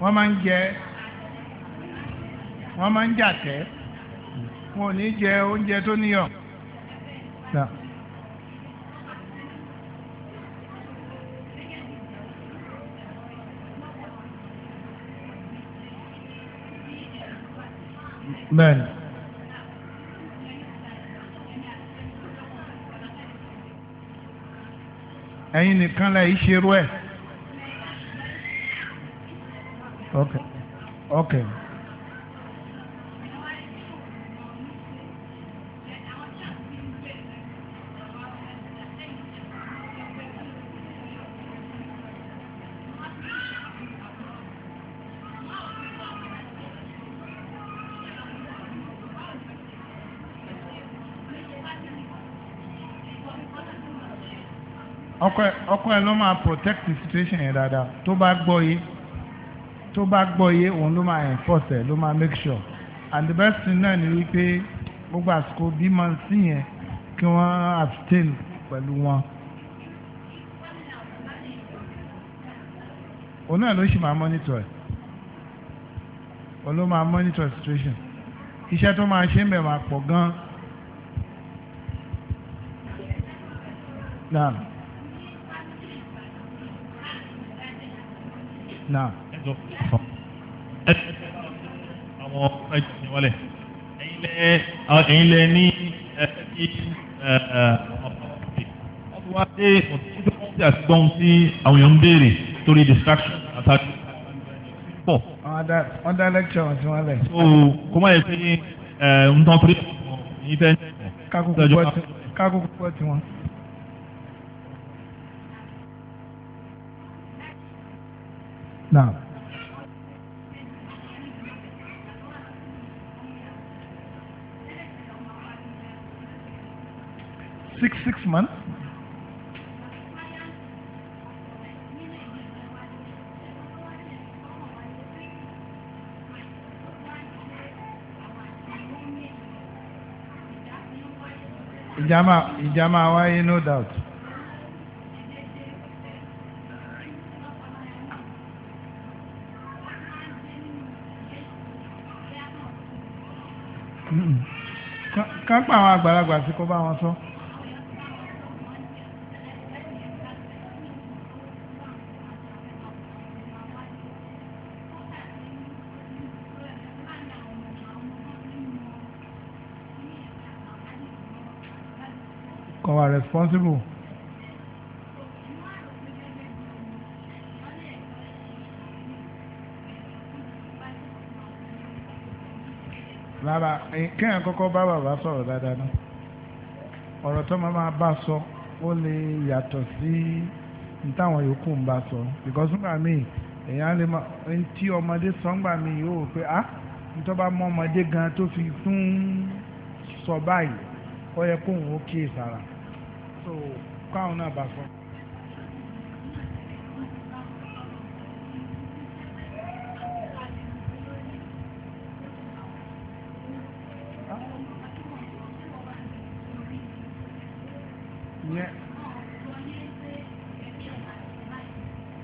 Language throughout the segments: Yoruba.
wọ́n máa ń jẹ wọ́n máa ń jàtẹ́ wọn ò ní jẹ oúnjẹ tó níyọ̀. Bẹ́ẹ̀ni. Ẹ̀yin nìkan lẹ̀ yìí ṣerú ẹ̀. Okay. Okay. ọkọ ẹ ló máa protect the situation yẹn dáadáa tó bá gbọ́ yìí tó bá gbọ́ yé òun ló máa enforce ẹ̀ ló máa make sure and the best thing náà ni wípé gbogbo àsìkò bímọ sí yẹn kí wọ́n abstain pẹ̀lú wọn. òun náà ló sì máa monitor ẹ̀ òun ló máa monitor situation iṣẹ́ tó máa ṣe ń bẹ̀ máa pọ̀ gan-an. Naam. Naam àwùjọ àwọn ẹjọ ní wọlé ẹ̀yin lẹ ní ẹbí ọ̀pọ̀ wá dé òtítọ́ wọn ti àti gbọ́n tí àwọn èèyàn ń béèrè torí distraction àtàkì pọ̀. wọ́n dá lẹ́kṣọ̀ wọn sí wọn lẹ̀. so kó má yẹ pé ń tán torí ní ìfẹ́ ní ẹ̀. kákòókò pọ̀ tí wọ́n. now six six months. ìjàmà ìjàmà wáyé no doubt. kán pa àwọn àgbàlagbà sí kó bá wọn sọ. So. responsible. rárá kéèyàn kọ́kọ́ bá bàbá sọ̀rọ̀ dáadáa náà ọ̀rọ̀ tó máa máa bá sọ ó lè yàtọ̀ sí ntáwọn yòókù ń bá sọ because nígbà míì èèyàn lè máa ń tí ọmọdé sọ́ngbà mi yóò pé ah nítorí wọ́n bá mọ ọmọdé gan tó fi tún sọ báyìí ó yẹ kóun ó kíyè so káwọn náà bá sọ.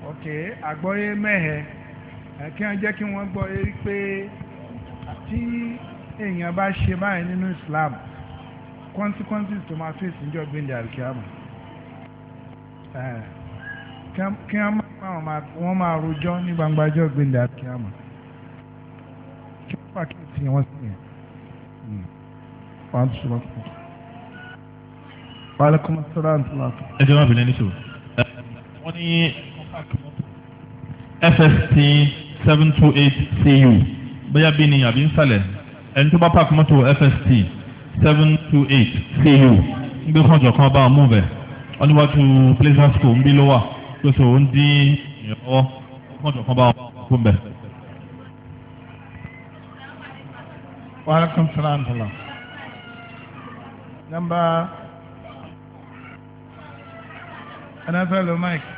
Okay, àgbọ́yé mẹ́hẹ̀ẹ́ kí wọ́n jẹ́ kí wọ́n gbọ́ pé tí èèyàn bá ṣe báyìí nínú Islam consequences tó eh. máa face níjọ́ gbẹ̀ndẹ̀ àríkíámà kí wọ́n máa rojọ́ ní gbangba jọ́ gbẹ̀ndẹ̀ àríkíámà kí wọ́n pàkíyèsí wọn sí yẹn. Wàlúkúmọ̀ sọ́dọ̀ àǹtí láti. Ẹ jẹ́ wá bìnrin ní ṣòro. Eh, wọ́n ní FST seven two eight CU bóyá bí ni àbí ń sàlẹ̀ ẹni tó bá pààkì mọ́tò FST seven two eight CU ń gbé fún ọ̀jọ̀kan bá ọmú bẹ̀ ọdúnwájú pleasure school ń bí ló wà tó so ń dín ìrànlọ́wọ́ fún ọ̀jọ̀kan bá ọmú bẹ̀. wàhálà kan Salaam àǹtọ̀lọ̀ nọ́mbà ẹnafẹ́ lo mike.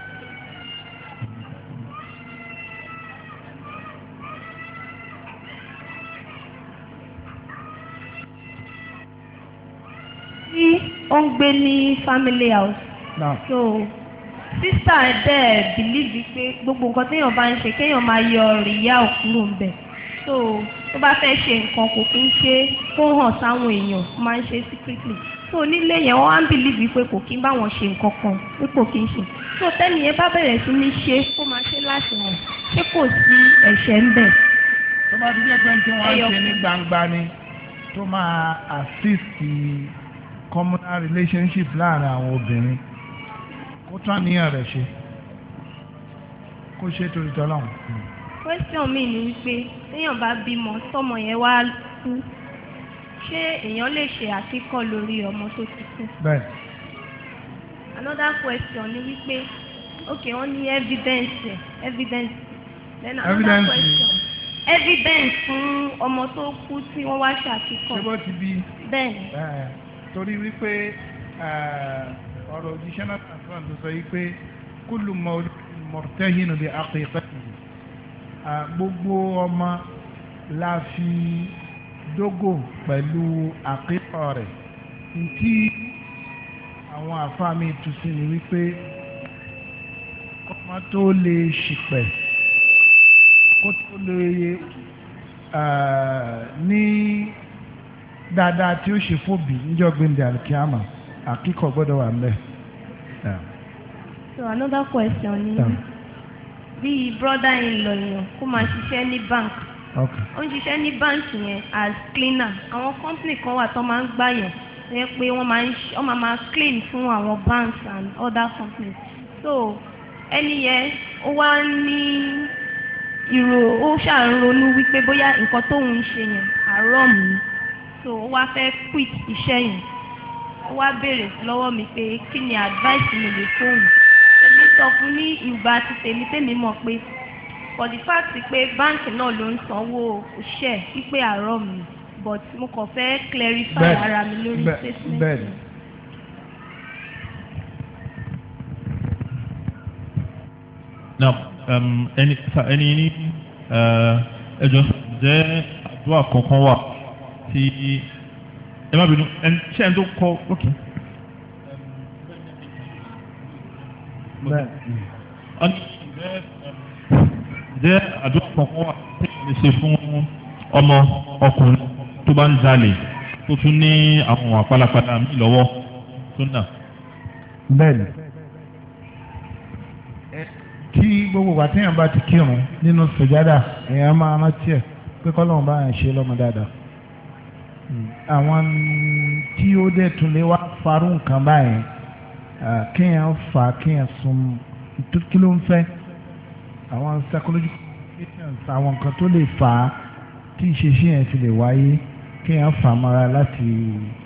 gbé ní family house. so sísà dẹ̀ bìlíìfì pé gbogbo nǹkan téèyàn bá ń ṣe kéèyàn máa yọ rìyá òkúrò ń so to bá fẹ́ ṣe nǹkan kò kí ń ṣe kó hàn sáwọn èèyàn máa ń ṣe secretly so nílé yẹn wọ́n á ń bìlíìfì pé kò kí ń báwọn ṣe nǹkan kan pé kò kí ń ṣe so tẹ́ni yẹn bá bẹ̀rẹ̀ sí ní ṣe kó máa ṣe láti hàn ṣé kò sí ẹ̀ṣẹ̀ ń bẹ̀. tó bá ti jẹ́ pé tí wọ́n ń ṣe ní gbangba ni tó máa assist communal relationship láàrin àwọn obìnrin kó tán níyàn rẹ̀ ṣe kó ṣe torí tọ́lọ́hún. question mi ni wípé téèyàn bá bímọ tọmọ yẹn wá kú ṣé èèyàn lè ṣe àkíkọ lórí ọmọ tó ti kú. bẹ́ẹ̀. another question ni wípé okay wọ́n ní evidence evidence then another evidence. question evidence fún ọmọ tó kú tí wọ́n wá ṣàkíkọ. ṣé bó ti bí. bẹ́ẹ̀ torí wípé ọ̀rọ̀ òjíṣẹ́ náà tàbí tó sọ wípé kúlù mọ̀tẹ́hìnù bí àkíkàtì gbogbo ọmọ la fi dógò pẹ̀lú àkíkà rẹ̀ ntí àwọn àfáàmì ìtúsí ni wípé kọ́mọ tó lè ṣìpẹ̀ kó tó lè ní. Uh, dáadáa tí ó ṣe fún bi níjọ́ gbẹ̀ndẹ̀ àlùkíyàmà àkíkọ̀ gbọdọ wà so another question ni bí brother in law yẹn kó máa ṣiṣẹ́ ní bank as cleaner àwọn company kan wà tó máa ń gbà yẹn ṣe pé wọ́n máa clean fún àwọn banks and other companies so ẹni yẹn ó wá ní ìrò ó ṣàǹronú wípé bóyá nǹkan tóun ṣe yẹn àárọ̀ so ó wá fẹ́ quit iṣẹ́ yẹn ó wá béèrè lọ́wọ́ mi pé kí ni advice mi lè fóun èmi sọ fún ní ìgbà àti tèmi tèmi mọ̀ pé for the fact pé báǹkì náà ló ń sanwó òṣìṣẹ́ wípé àárọ̀ mi but mo kàn fẹ́ clarify ara mi lórí statement. now um, ẹni ẹni ẹjọ́ jẹ́ àdúrà kankan wà tí ẹ má bínú ṣé ẹni tó kọ ok jẹ́ àdúrà kọ̀ọ̀kan wà tí ẹ lè ṣe fún ọmọ ọkùnrin tó bá ń jalè tó tún ní àwọn ìwà pálapàla míì lọ́wọ́ tó nà. bẹ́ẹ̀ni tí gbogbo wa téèyàn bá ti kírun nínú sùjádà èèyàn máa rántí ẹ̀ pé kọ́lọ́run bá yàn ṣe lọ́mọ dáadáa àwọn tí ó dẹ̀ tún lè wá farú nǹkan báyẹn kéèyàn fà kéèyàn sun kí ló ń fẹ́ àwọn psychological patients àwọn nǹkan tó lè fà á tí ìṣesí yẹn fi lè wáyé kéèyàn fà á mọ́ra láti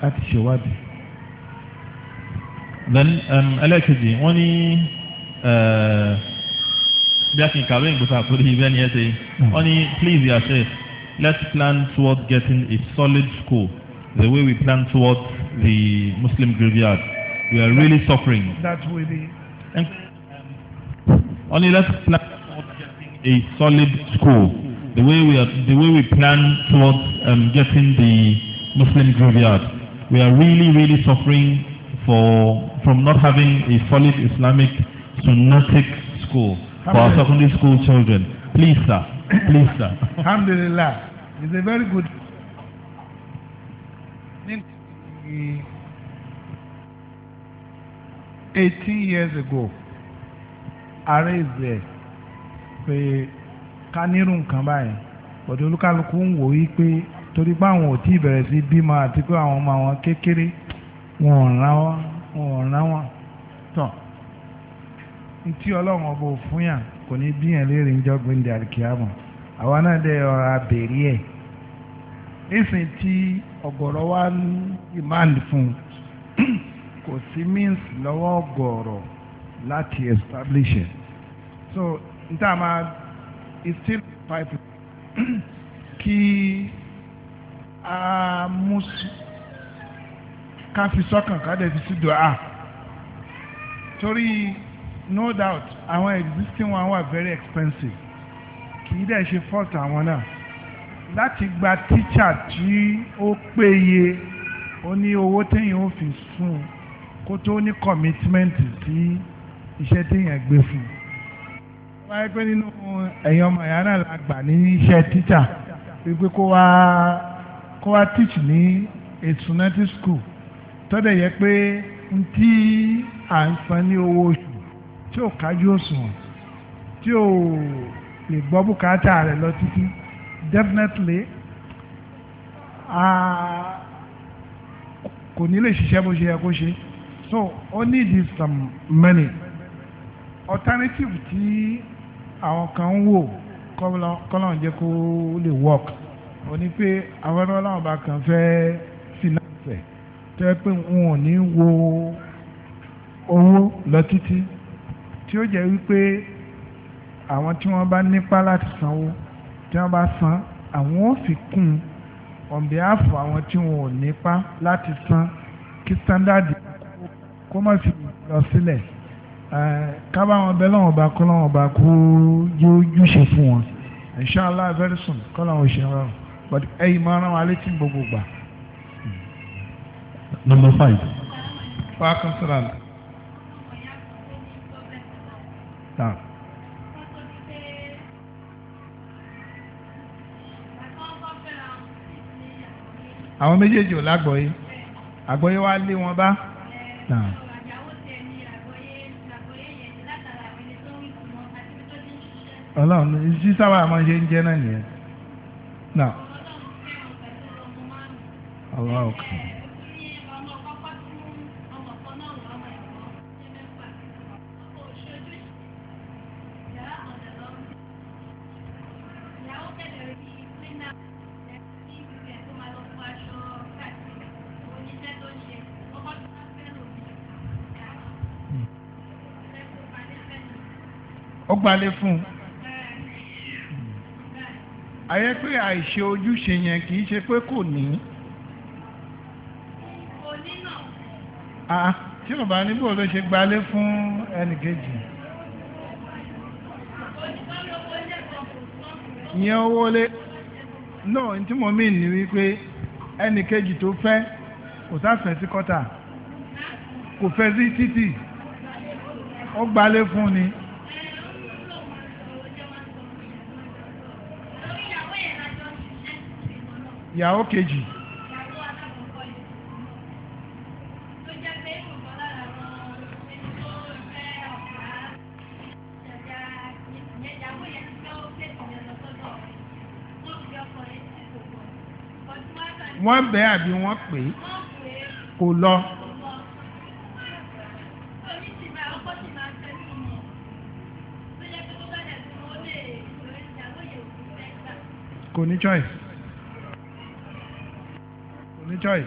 láti ṣèwádìí. then um, ẹlẹ́kejì wọ́n ní bí a kì í kàwé ìgbésà tó lè ni ẹ ṣe hmm. wọ́n ní please your chef let's plan towards getting a solid school the way we plan towards the Muslim graveyard. We are really suffering. That will be. And, um, only let's plan towards getting a solid school the way we are, the way we plan towards um, getting the Muslim graveyard. We are really really suffering for from not having a solid Islamic Sunnitic school for our secondary school children. Please, sir. Please, sir. Alhamdulillah is a very good eighteen years ago ààrẹ ìzẹ̀ pé ká nírú nǹkan báyìí bọ̀dọ̀ olúkálukú ń wò yí pé torí pé àwọn ò tí ì bẹ̀rẹ̀ sí bímọ àti pé àwọn ọmọ àwọn kékeré wọn ò rán wọn wọn ò rán wọn tán ntí ọlọ́run ọba òfun yàn kò ní bí yẹn léèrè ń jọ́ gbẹ̀ǹdẹ̀ àríkìá mọ́ àwa náà dẹ̀ ọ̀rọ̀ àbèrè ẹ̀ nísìn tí ọ̀gọ̀rọ̀ wa ń demand fún un kò sí means lọ́wọ́ ọ̀gọ̀rọ̀ láti establish it so n tá a máa it's still five. kí a mú ká fi sọ́kàn ká dẹ̀ fi sí dùn A. torí no doubt àwọn existing one wà very expensive kì í dẹ̀ ṣe fọ́ọ̀tù àwọn náà láti gba tíṣà tí ó péye ó ní owó téèyàn ó fi sùn kó tó ní kọ̀mítímẹ́ǹtì sí iṣẹ́ téèyàn gbé fún un wáyé pé nínú ẹ̀yin ọmọ ìyá náà la gbà ní iṣẹ́ tíṣà wípé kó wá kó wá teach ní esunati school tọ́dẹ̀ yẹ pé n tí à ń san ní owó oṣù tí ò kájú òṣùwọ̀n tí ò lè gbọ́ bùkátà rẹ̀ lọ títí definitely kò ní lè ṣiṣẹ́ bó ṣe yẹ kó ṣe so ó need some money alternative tí àwọn kan ń wò kọ́lọ́n jẹ́ kó lè work ó ní pé àwọn ẹ̀rọ ọlọ́run bá kàn fẹ́ finance tó yẹ pé wọn ò ní wo owó lọ títí tí ó jẹ́ wípé àwọn tí wọ́n bá nípa láti sanwó tí wọ́n bá san àwọn ò fi kún on behalf àwọn tí wọn ò nípa láti san kí standard kó má fi lọ sílẹ̀ eh, kábà wọn bẹ lọ́wọ́n bá kọ́ lọ́wọ́n bá kó yóò ṣe fún wọn inshallah very soon kọ́ làwọn ò ṣe rọrùn but ẹ̀yin máa rán wa létí gbogbo gbà. number five. wa akọ́sọ́ra. Nah. àwọn méjèèjì ò lágbọ̀ọ́yé àgbọ̀ọ́yé wa lé wọn bá. ọlọ́run sí sábà máa ṣe ń jẹ́ náà nìyẹn. ọlọ́run kan. ó gbalé fún un àyẹ pé àìṣe ojúṣe yẹn kì í ṣe pé kò ní. tí bàbá níbo ló ṣe gbalé fún ẹnìkejì. ìyẹn owó lé náà tí mo mí ní wípé ẹnìkejì tó fẹ́ kò sáfẹ́ sí kọ́tà kò fẹ́ sí títì ó gbalé fún ni. ìyàwó kejì. wọ́n bẹ̀ àbí wọ́n pè é kò lọ. kò ní choice choice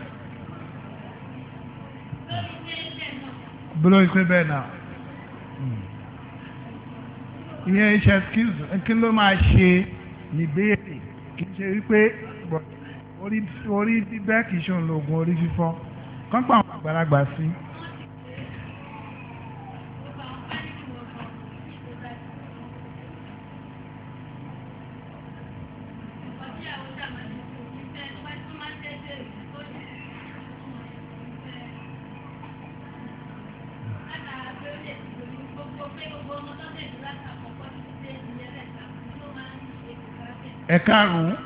bolo ìpè bẹ́ẹ̀ náà ìyẹn iṣẹ́ kí ló máa ṣe níbéèrè kì í ṣe wípé orí bíbẹ́ kì í ṣe òun lògùn orí fífọ́ kọ́ńpà àwọn àgbàlagbà sí i. karùn-ún.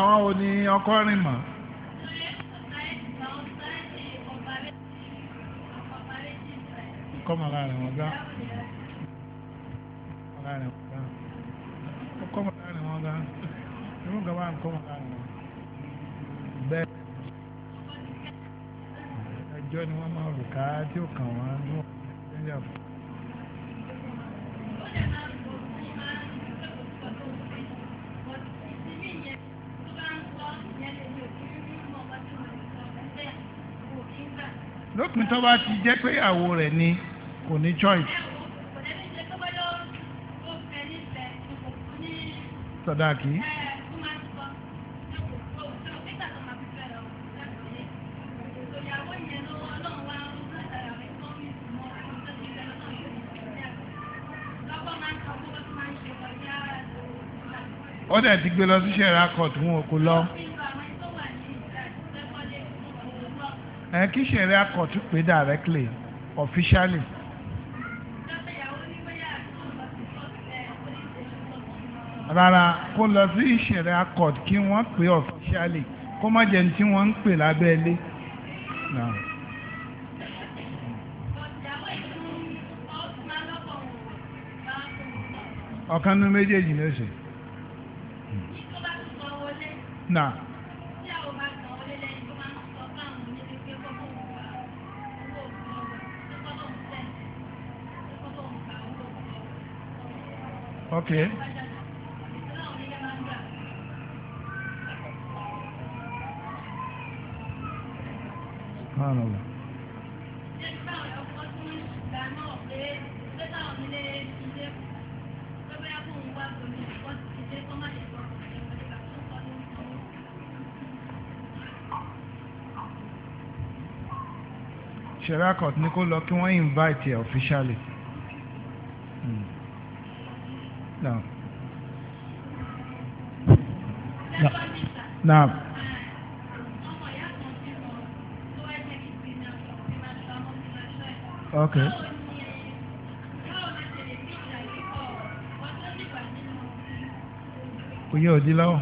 àwọn ò ní ọkọ rìn mọ́. kọ́mọ̀lá rẹ̀ wọ́n gbá. bẹ́ẹ̀ ẹjọ́ ni wọ́n máa rò ká tí ó kàn wọ́n ní nàìjíríà fún. lópin tó bá ti jẹ́ pé ìyàwó rẹ̀ ni kò ní choice. sọdáàkì. So ó dẹ̀ ti gbé lọ sí ṣẹ̀ra court wọn ò kó lọ. ẹ kí ṣẹ̀ra court pé directly officially. rárá kó lọ sí ìṣẹ̀rẹ̀ accord kí wọ́n pè officially kó má jẹ́ tí wọ́n ń pè lábẹ́ ilé. ọ̀kan nínú méjèèjì ló ṣe. Nah. Okay. Subhanallah. sharia court ní kó lọ kí wọ́n invite ẹ̀ officially. No. Hmm. No. Okay. Oyè òdi lọ́wọ́.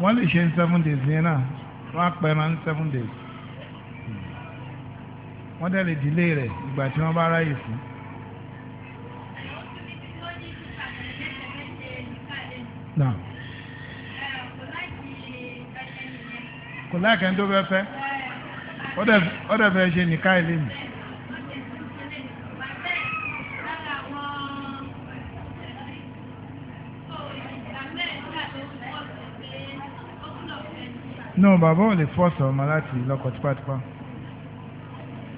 Wọ́n lè ṣe seven days yẹn náà, wọ́n á pẹ́ máa seven days wọ́n tẹ̀lé ìdílé rẹ̀ ìgbà tí wọ́n bá ráyè fún. kò láìka ẹni tó fẹ́ fẹ́ ó dẹ̀ fẹ́ ṣe nìka ilé mi. no bàbá ò lè fọ́ sọ̀rọ̀ mọ́ láti lọ́kọ̀ tipátipá.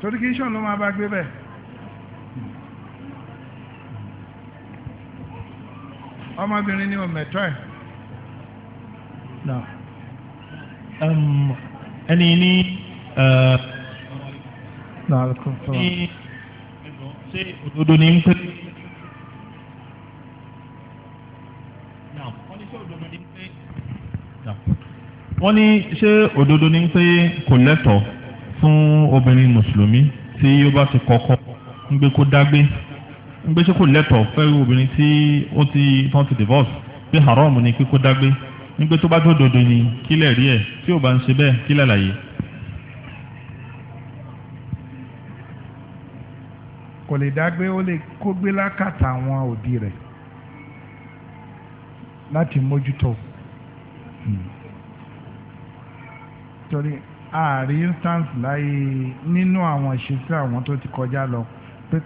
torí kí iṣan ló máa bá gbé bẹ́ẹ̀ ọmọbìnrin ni ọmọẹ̀tọ́ ẹ̀. ẹni ní ṣé òdodo ní ń pè. wọ́n ní ṣé òdodo ní ń pè kò lẹ́tọ̀ọ́ fún obìnrin mùsùlùmí tí ó bá ti kọ́kọ́ ń gbé kó dágbé ń gbé ṣé kò lẹ́tọ̀ọ́ fẹ́rù obìnrin tí ó ti tán ti divorce pé haram ni pé kó dágbé ń gbé tó bá tó dòdò ni kílẹ̀ rí ẹ̀ tí ò bá ń ṣe bẹ́ẹ̀ kílẹ̀ làyè. kò lè dágbé ó lè kó gbé lákàtà àwọn òbí rẹ̀ láti mójútó. Hmm ààrí instance láyé nínú àwọn ìṣesí àwọn tó ti kọjá lọ pé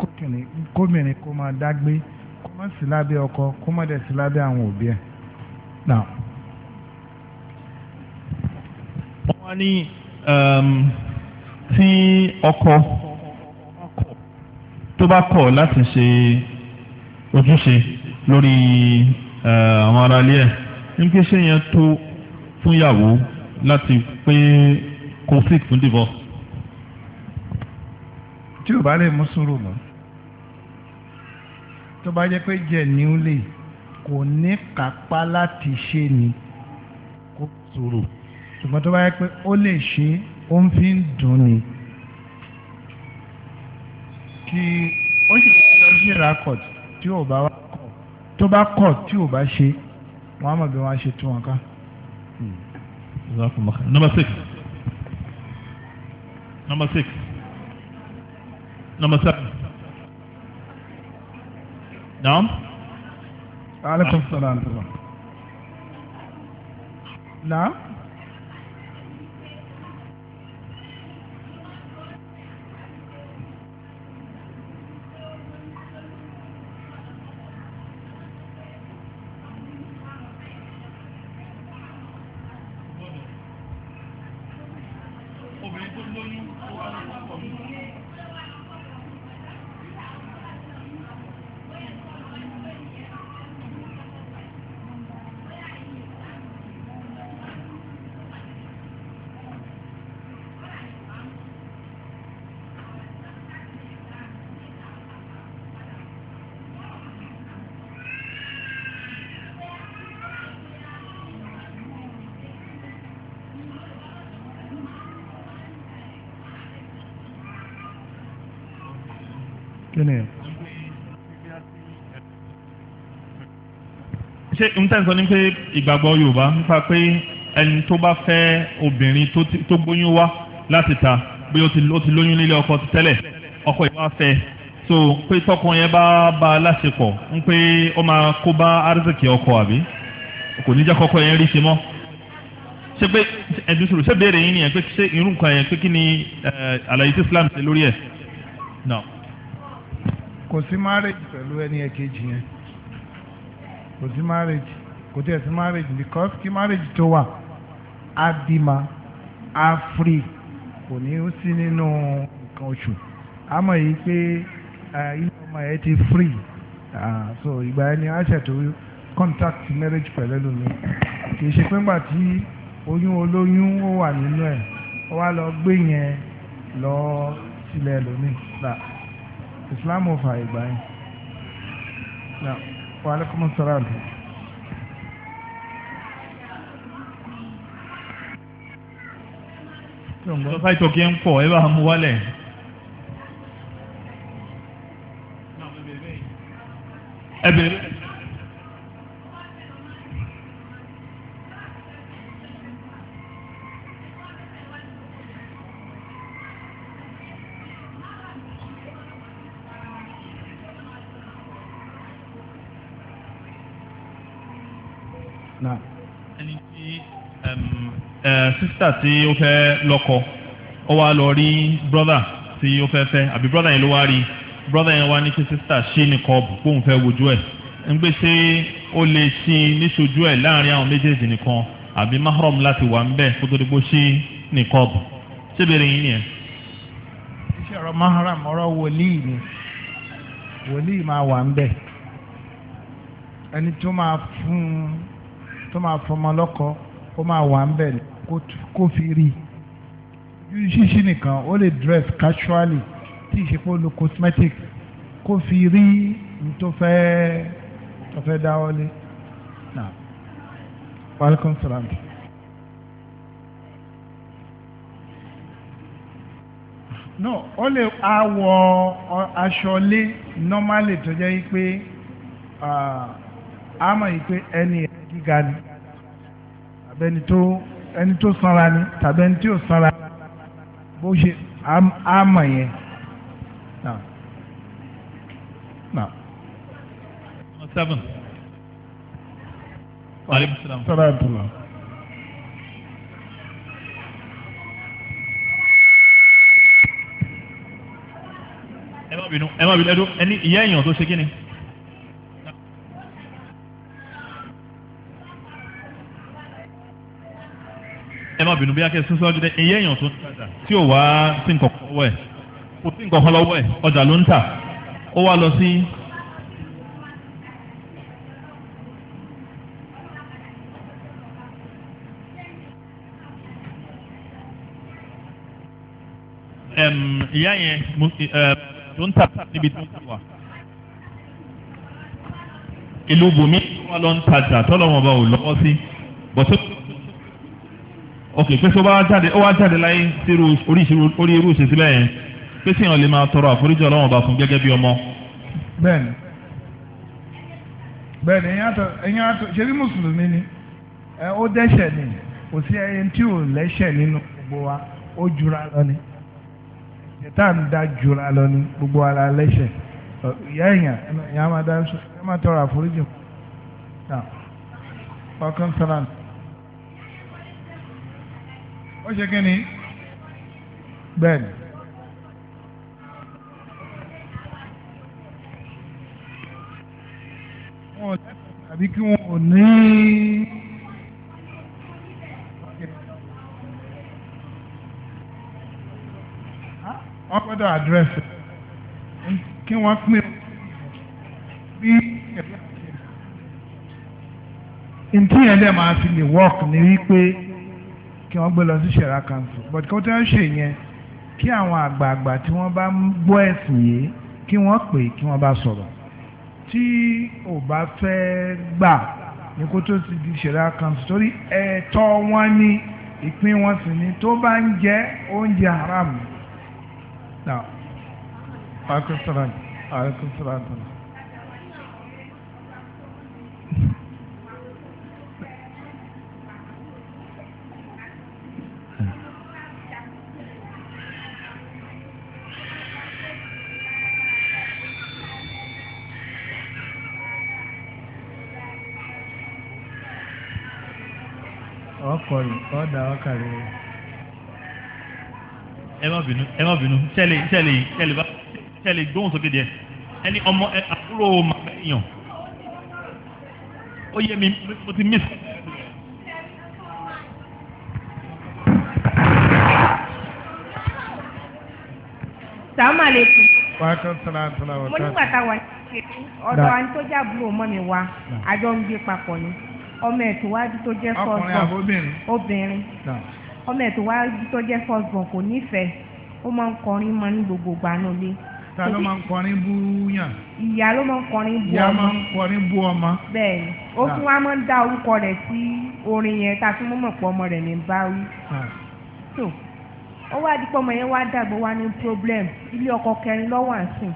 kóbìnrin kó máa dágbé kó má sí lábẹ́ ọkọ kó má dẹ̀ sí lábẹ́ àwọn òbí ẹ̀. wọ́n ní um, tí ọkọ tó bá kọ̀ láti ṣe ojúṣe lórí uh, àwọn aráalé ẹ̀ ń pèsè yẹn tó fúnyàwó láti pé kò fún divorce. tí o bá lè mú sùúrù mọ́ tó bá jẹ́ pé jẹ́ níwúlẹ̀ kò ní kápá láti ṣe ni kó sùúrù ṣùgbọ́n tó bá yẹ pé ó lè ṣe ó ń fi dùn ni kí ó sì lọ sí ìrakọ̀t tí ò bá wá kọ̀ tó bá kọ̀ tí ò bá ṣe wọ́n á mọ̀ bí wọ́n á ṣe tún wọn ká. Hmm. number six number six number seven naam. aleykum salaam. naam. ṣé n tẹ́ ń sọ ni pé ìgbàgbọ́ Yorùbá nípa pé ẹni tó bá fẹ́ obìnrin tó gbóyún wá láti ta bí ó ti lóyún nílé ọkọ ti tẹ́lẹ̀ ọkọ ìwà fẹ́ so pé tọkọ yẹn bá bá a láṣepọ̀ ń pé ó máa kó bá arzikì ọkọ àbí kò ní jẹ́ kọ́kọ́ yẹn rí ṣe mọ́ ṣe pé ẹ̀dùn sòrò ṣé béèrè yín nìyẹn pé ṣé irú nǹkan yẹn pé kí ni àlàyé tí Islam ṣe lórí ẹ̀ náà. kò sí marriage pẹ̀lú ẹni ẹ̀kejì yẹn kò sí marriage kò tẹ̀ sí marriage because kí marriage tó wà á bímọ á free kò ní sí nínú nǹkan oṣù á mọ̀ yìí pé inú ọmọ ẹ ti free so ìgbà ẹni á ṣètò contact marriage pẹ̀lú ẹlòmí kì í ṣe pé ńgbà tí oyún olóyún ó wà nínú ẹ̀ ó wá lọ gbé yẹn lọ sílẹ̀ ẹlòmí Islam ò fààyè gbà yẹn. Wa alaikum salam. lọ́sà vai ń pọ̀ ẹ bá mú wálẹ̀. ẹ bèrè. sísà tí ó fẹ́ lọ́kọ ó wá lọ rí brọ́dà tí ó fẹ́ fẹ́ àbí brọ́dà yẹn ló wá rí brọ́dà yẹn wá ní kí sísà ṣí ní kọ́ọ̀bù kóun fẹ́ wojú ẹ̀ ń gbé ṣé ó lè ṣí níṣojú ẹ̀ láàrin àwọn méjèèjì nìkan àbí mahram láti wà ń bẹ̀ kó tó dìbò ṣí ní kọ́ọ̀bù ṣé bèrè yín nìyẹn. iṣẹ́ ọ̀rọ̀ mahram ọ̀rọ̀ wòlíì ni wòlíì máa wà ń bẹ̀ ẹni tó máa fún tó máa fọmọ lọ́kọ ó máa wà ń ni kó fi rí i ṣíṣí nìkan ó lè dress casually tí ìṣepọ̀ lo cosmetic kó fi rí tó fẹ́ tó fẹ́ dáwọ́lé náà welcome salam. no ó lè awọ aṣọ lé normally tó jẹ́ pé a mọ̀ yìí pé ẹni gíga ni abẹ́ni tó ẹni tó sanra ni tàbí ẹni tí ò sanra bó ṣe á mọ̀ yẹn. seven. Aleykum salaam. Salaam tula. Ẹ má bínú, ẹ má bínú, ẹ dún, ẹni ìyá èèyàn tó ṣe kí ni? má bínú bí akẹ́ sísọ́jú dẹ iye èèyàn tó ń tajà tí ò wá sí nǹkan kan lọ́wọ́ ẹ̀ kò sí nǹkan kan lọ́wọ́ ẹ̀ ọjà ló ń tà ó wá lọ sí ìyá yẹn tó ń tàbí níbi tó ń wà ìlú bùnmí wọn lọ ń tajà tọ́lọ̀ ò lọ́wọ́ sí bọ̀tún ok pé tó bá jáde ó wá jáde láyé sí orí irú ìṣesí bẹ́ẹ̀ yẹn pé sí ìyàn lè máa tọrọ àforíjì ọlọ́run ọba fún gẹ́gẹ́ bí ọmọ. bẹ́ẹ̀ni bẹ́ẹ̀ni ẹ̀yin àtọ ṣe bí mùsùlùmí ni ẹ ó dẹ́ṣẹ̀ ni kò sí ẹyin tí ò lẹ́ṣẹ̀ nínú gbogbo wa ó jura lọ ni ìṣẹ̀tà ń da jura lọ ni gbogbo wa la lẹ́ṣẹ̀ ìyá èèyàn ẹ̀yàn máa tọrọ àforíjì ọkàn sọ́nà ó ṣe kí ni bẹ́ẹ̀ ni. wọn ò lẹ́tọ̀ọ́ tàbí kí wọn ò ní. wọ́n gbọ́dọ̀ àdírẹ́sì kí wọ́n pín bí ntí dẹ̀ máa fi lè wọ́ọ̀kì ní wípé kí wọ́n gbé lọ sí ṣẹ̀rá council but kí wọ́n tó ń ṣe yẹn kí àwọn àgbààgbà tí wọ́n bá ń gbọ́ ẹ̀sìn yìí kí wọ́n pè kí wọ́n bá sọ̀rọ̀ tí ò bá fẹ́ gbà ní kó tó ti di ṣẹ̀rá council torí ẹ̀tọ́ wọn ni ìpín wọn sì ni tó bá ń jẹ oúnjẹ haram. Now, I can surrender. I can surrender. kọrì ọ́ da ọkà rẹ̀. ẹ má bínú ẹ má bínú tẹ́lẹ̀ tẹ́lẹ̀ tẹ́lẹ̀ bá tẹ́lẹ̀ gbóhùn sókè díẹ̀ ẹni ọmọ ẹ àbúrò màmá èèyàn ó yẹ mi mo ti miss. sàmà lè kù. wàhálà sàlá sàlá wàhálà. mo nígbà táwọn ọ̀dọ̀ àǹtọ́jà bú ọmọ mi wá àjọ ń gbé papọ̀ ni ọmọ ẹ̀tùwájú tó jẹ́ firstborn obìnrin ọmọ ẹ̀tùwájú tó jẹ́ firstborn kò nífẹ̀ẹ́ ó máa ń kọrin máa ní gbogbo gbanú lé. ta ló máa ń kọrin bú yàn. ìyá ló máa ń kọrin bú ọmọ. ìyá máa ń kọrin bú ọmọ. bẹ́ẹ̀ni ó tún wá máa ń dá orúkọ rẹ̀ sí orin yẹn tá a tún mọ̀ pọ̀ ọmọ rẹ̀ ní báwí. so ó wá dípọ̀ ọmọ yẹn wá dàgbọ́ wá ní problem ilé ọkọ kẹrin lọ́wọ́ àsìn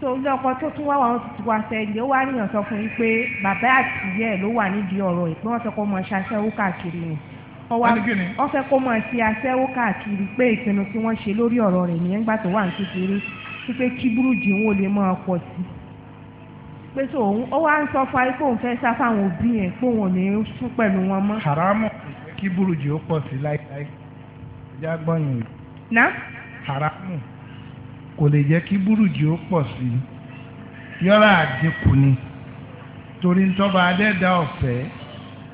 so ilé ọkọ tó tún wá wọn ti wá sẹ́yìn ó wá níyàn sọ fún yín pé bàbá àti ìyá ẹ̀ ló wà nídìí ọ̀rọ̀ ẹ̀ pé wọ́n fẹ́ kó mọ ṣe aṣẹ́wó káàkiri yẹn wọ́n fẹ́ kó mọ ṣe aṣẹ́wó káàkiri pé ìpinnu tí wọ́n ṣe lórí ọ̀rọ̀ rẹ̀ nìyẹn gbà tó wà ní kékeré wípé kí burújì ń wò lè máa pọ̀ sí pé so òun ó wá ń sọ fún ayé pé òun fẹ́ sá fáwọn òbí yẹn pé òun ò ní sún pẹ̀lú wọn mọ́. haramu kí burújì ó pọ̀ sí láíláí. ìjà gbọ́yìn. ná. haramu kò lè jẹ́ kí búrùjì ó pọ̀ sí i yọ́rà àdínkù ni torí tọ́ba adẹ́dá ọ̀fẹ́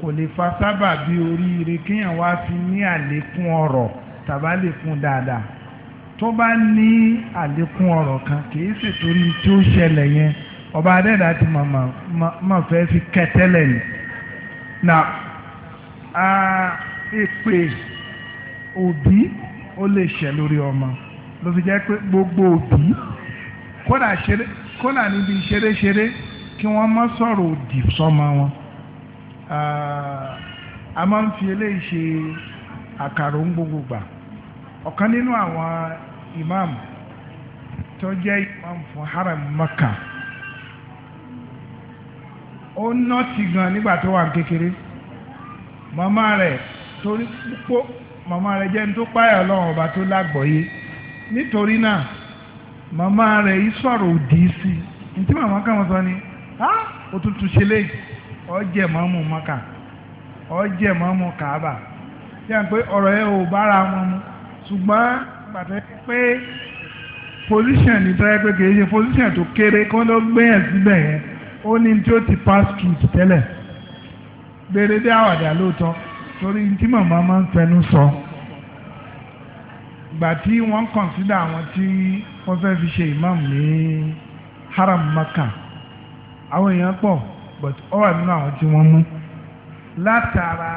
kò lè fa sábà bí oríire kéèyàn wá fi ní àlékún ọ̀rọ̀ tàbá lékún dáadáa tó bá ní àlékún ọ̀rọ̀ kan kìí ṣètò tí ó ṣẹlẹ̀ yẹn ọba adẹ́dá ti mọ̀ fẹ́ fi kẹtẹ́lẹ̀ ni. na èpè òbí ó lè ṣẹ lórí ọmọ. ló fi jẹ́ pé gbogbo òbí kódà níbi ṣeréṣeré kí wọ́n má sọ̀rọ̀ òdì sọ́mọ wọn ah, a máa ń fi eléyìí ṣe àkàrò ń gbogbo gbà ọ̀kan nínú àwọn imam tó jẹ́ imam fún haram maka ó ná ti gan nígbà tó wà kékeré màmá rẹ̀ torí púpọ̀ màmá rẹ̀ jẹ́ ní tó páyà ọlọ́run ọba tó lágbọ̀ọ́yé. nítorí náà màmá rẹ̀ yìí sọ̀rọ̀ òdì sí i ntí màmá sọ ni á òtútù ṣe lé ọjẹ mọ́mú maka ọjẹ mọ́mú kàábà tí a pé ọ̀rọ̀ yẹn ò bára wọn mu ṣùgbọ́n pàtẹ́ pé position ní tọ́yẹ́ pé kì í ṣe position tó kéré kí wọ́n gbẹ̀yàn síbẹ̀ yẹn ó ní tí ó ti pass through tẹ́lẹ̀ ìgbà tí wọ́n ń kọ̀nsídà àwọn tí wọ́n fẹ́ fi ṣe imam ní haram maka àwọn èèyàn pọ̀ but ó wà nínú àwọn tí wọ́n mú látara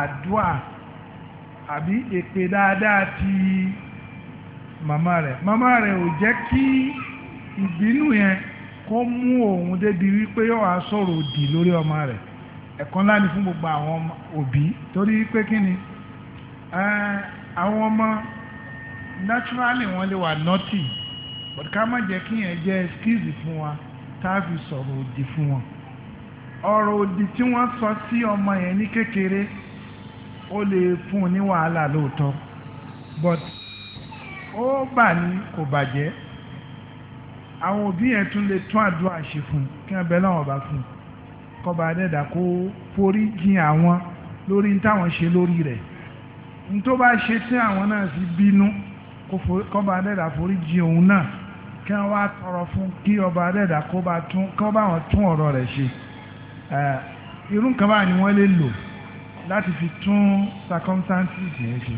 àdúà àbí èpè dáadáa ti màmá rẹ̀ màmá rẹ̀ ò jẹ́ kí ìbínú yẹn kó mú òun débi wípé yóò wá sọ̀rọ̀ òdì lórí ọmọ rẹ̀ ẹ̀kọ́ ńlá ni fún gbogbo àwọn òbí torí pé kí ni àwọn ọmọ naturally wọ́n lè wà nọ́tì but ká má jẹ́ kí yẹn jẹ́ excuse fún wa tá a fi sọ̀rọ̀ òdì fún wọn ọ̀rọ̀ òdì tí wọ́n sọ sí ọmọ yẹn ní kékeré ó lè fún un ní wàhálà lóòótọ́ but ó bà ní kò bàjẹ́ àwọn òbí yẹn tún lè tún àdúrà ṣe fún un kí wọ́n bẹ láwọn ọba fún un kọba adẹ́dà kó forí jìn àwọn lórí táwọn ṣe lórí rẹ̀ n tó bá ṣe tí àwọn náà fi bínú. Si kọba adẹ́dà forí jì òun náà kí wọ́n wá tọrọ fún kí ọba adẹ́dà kó bá tún kọ́ bá wọn tún ọ̀rọ̀ rẹ̀ ṣe irú nǹkan báyìí ni wọ́n lè lò láti fi tún circumstances yẹn ṣe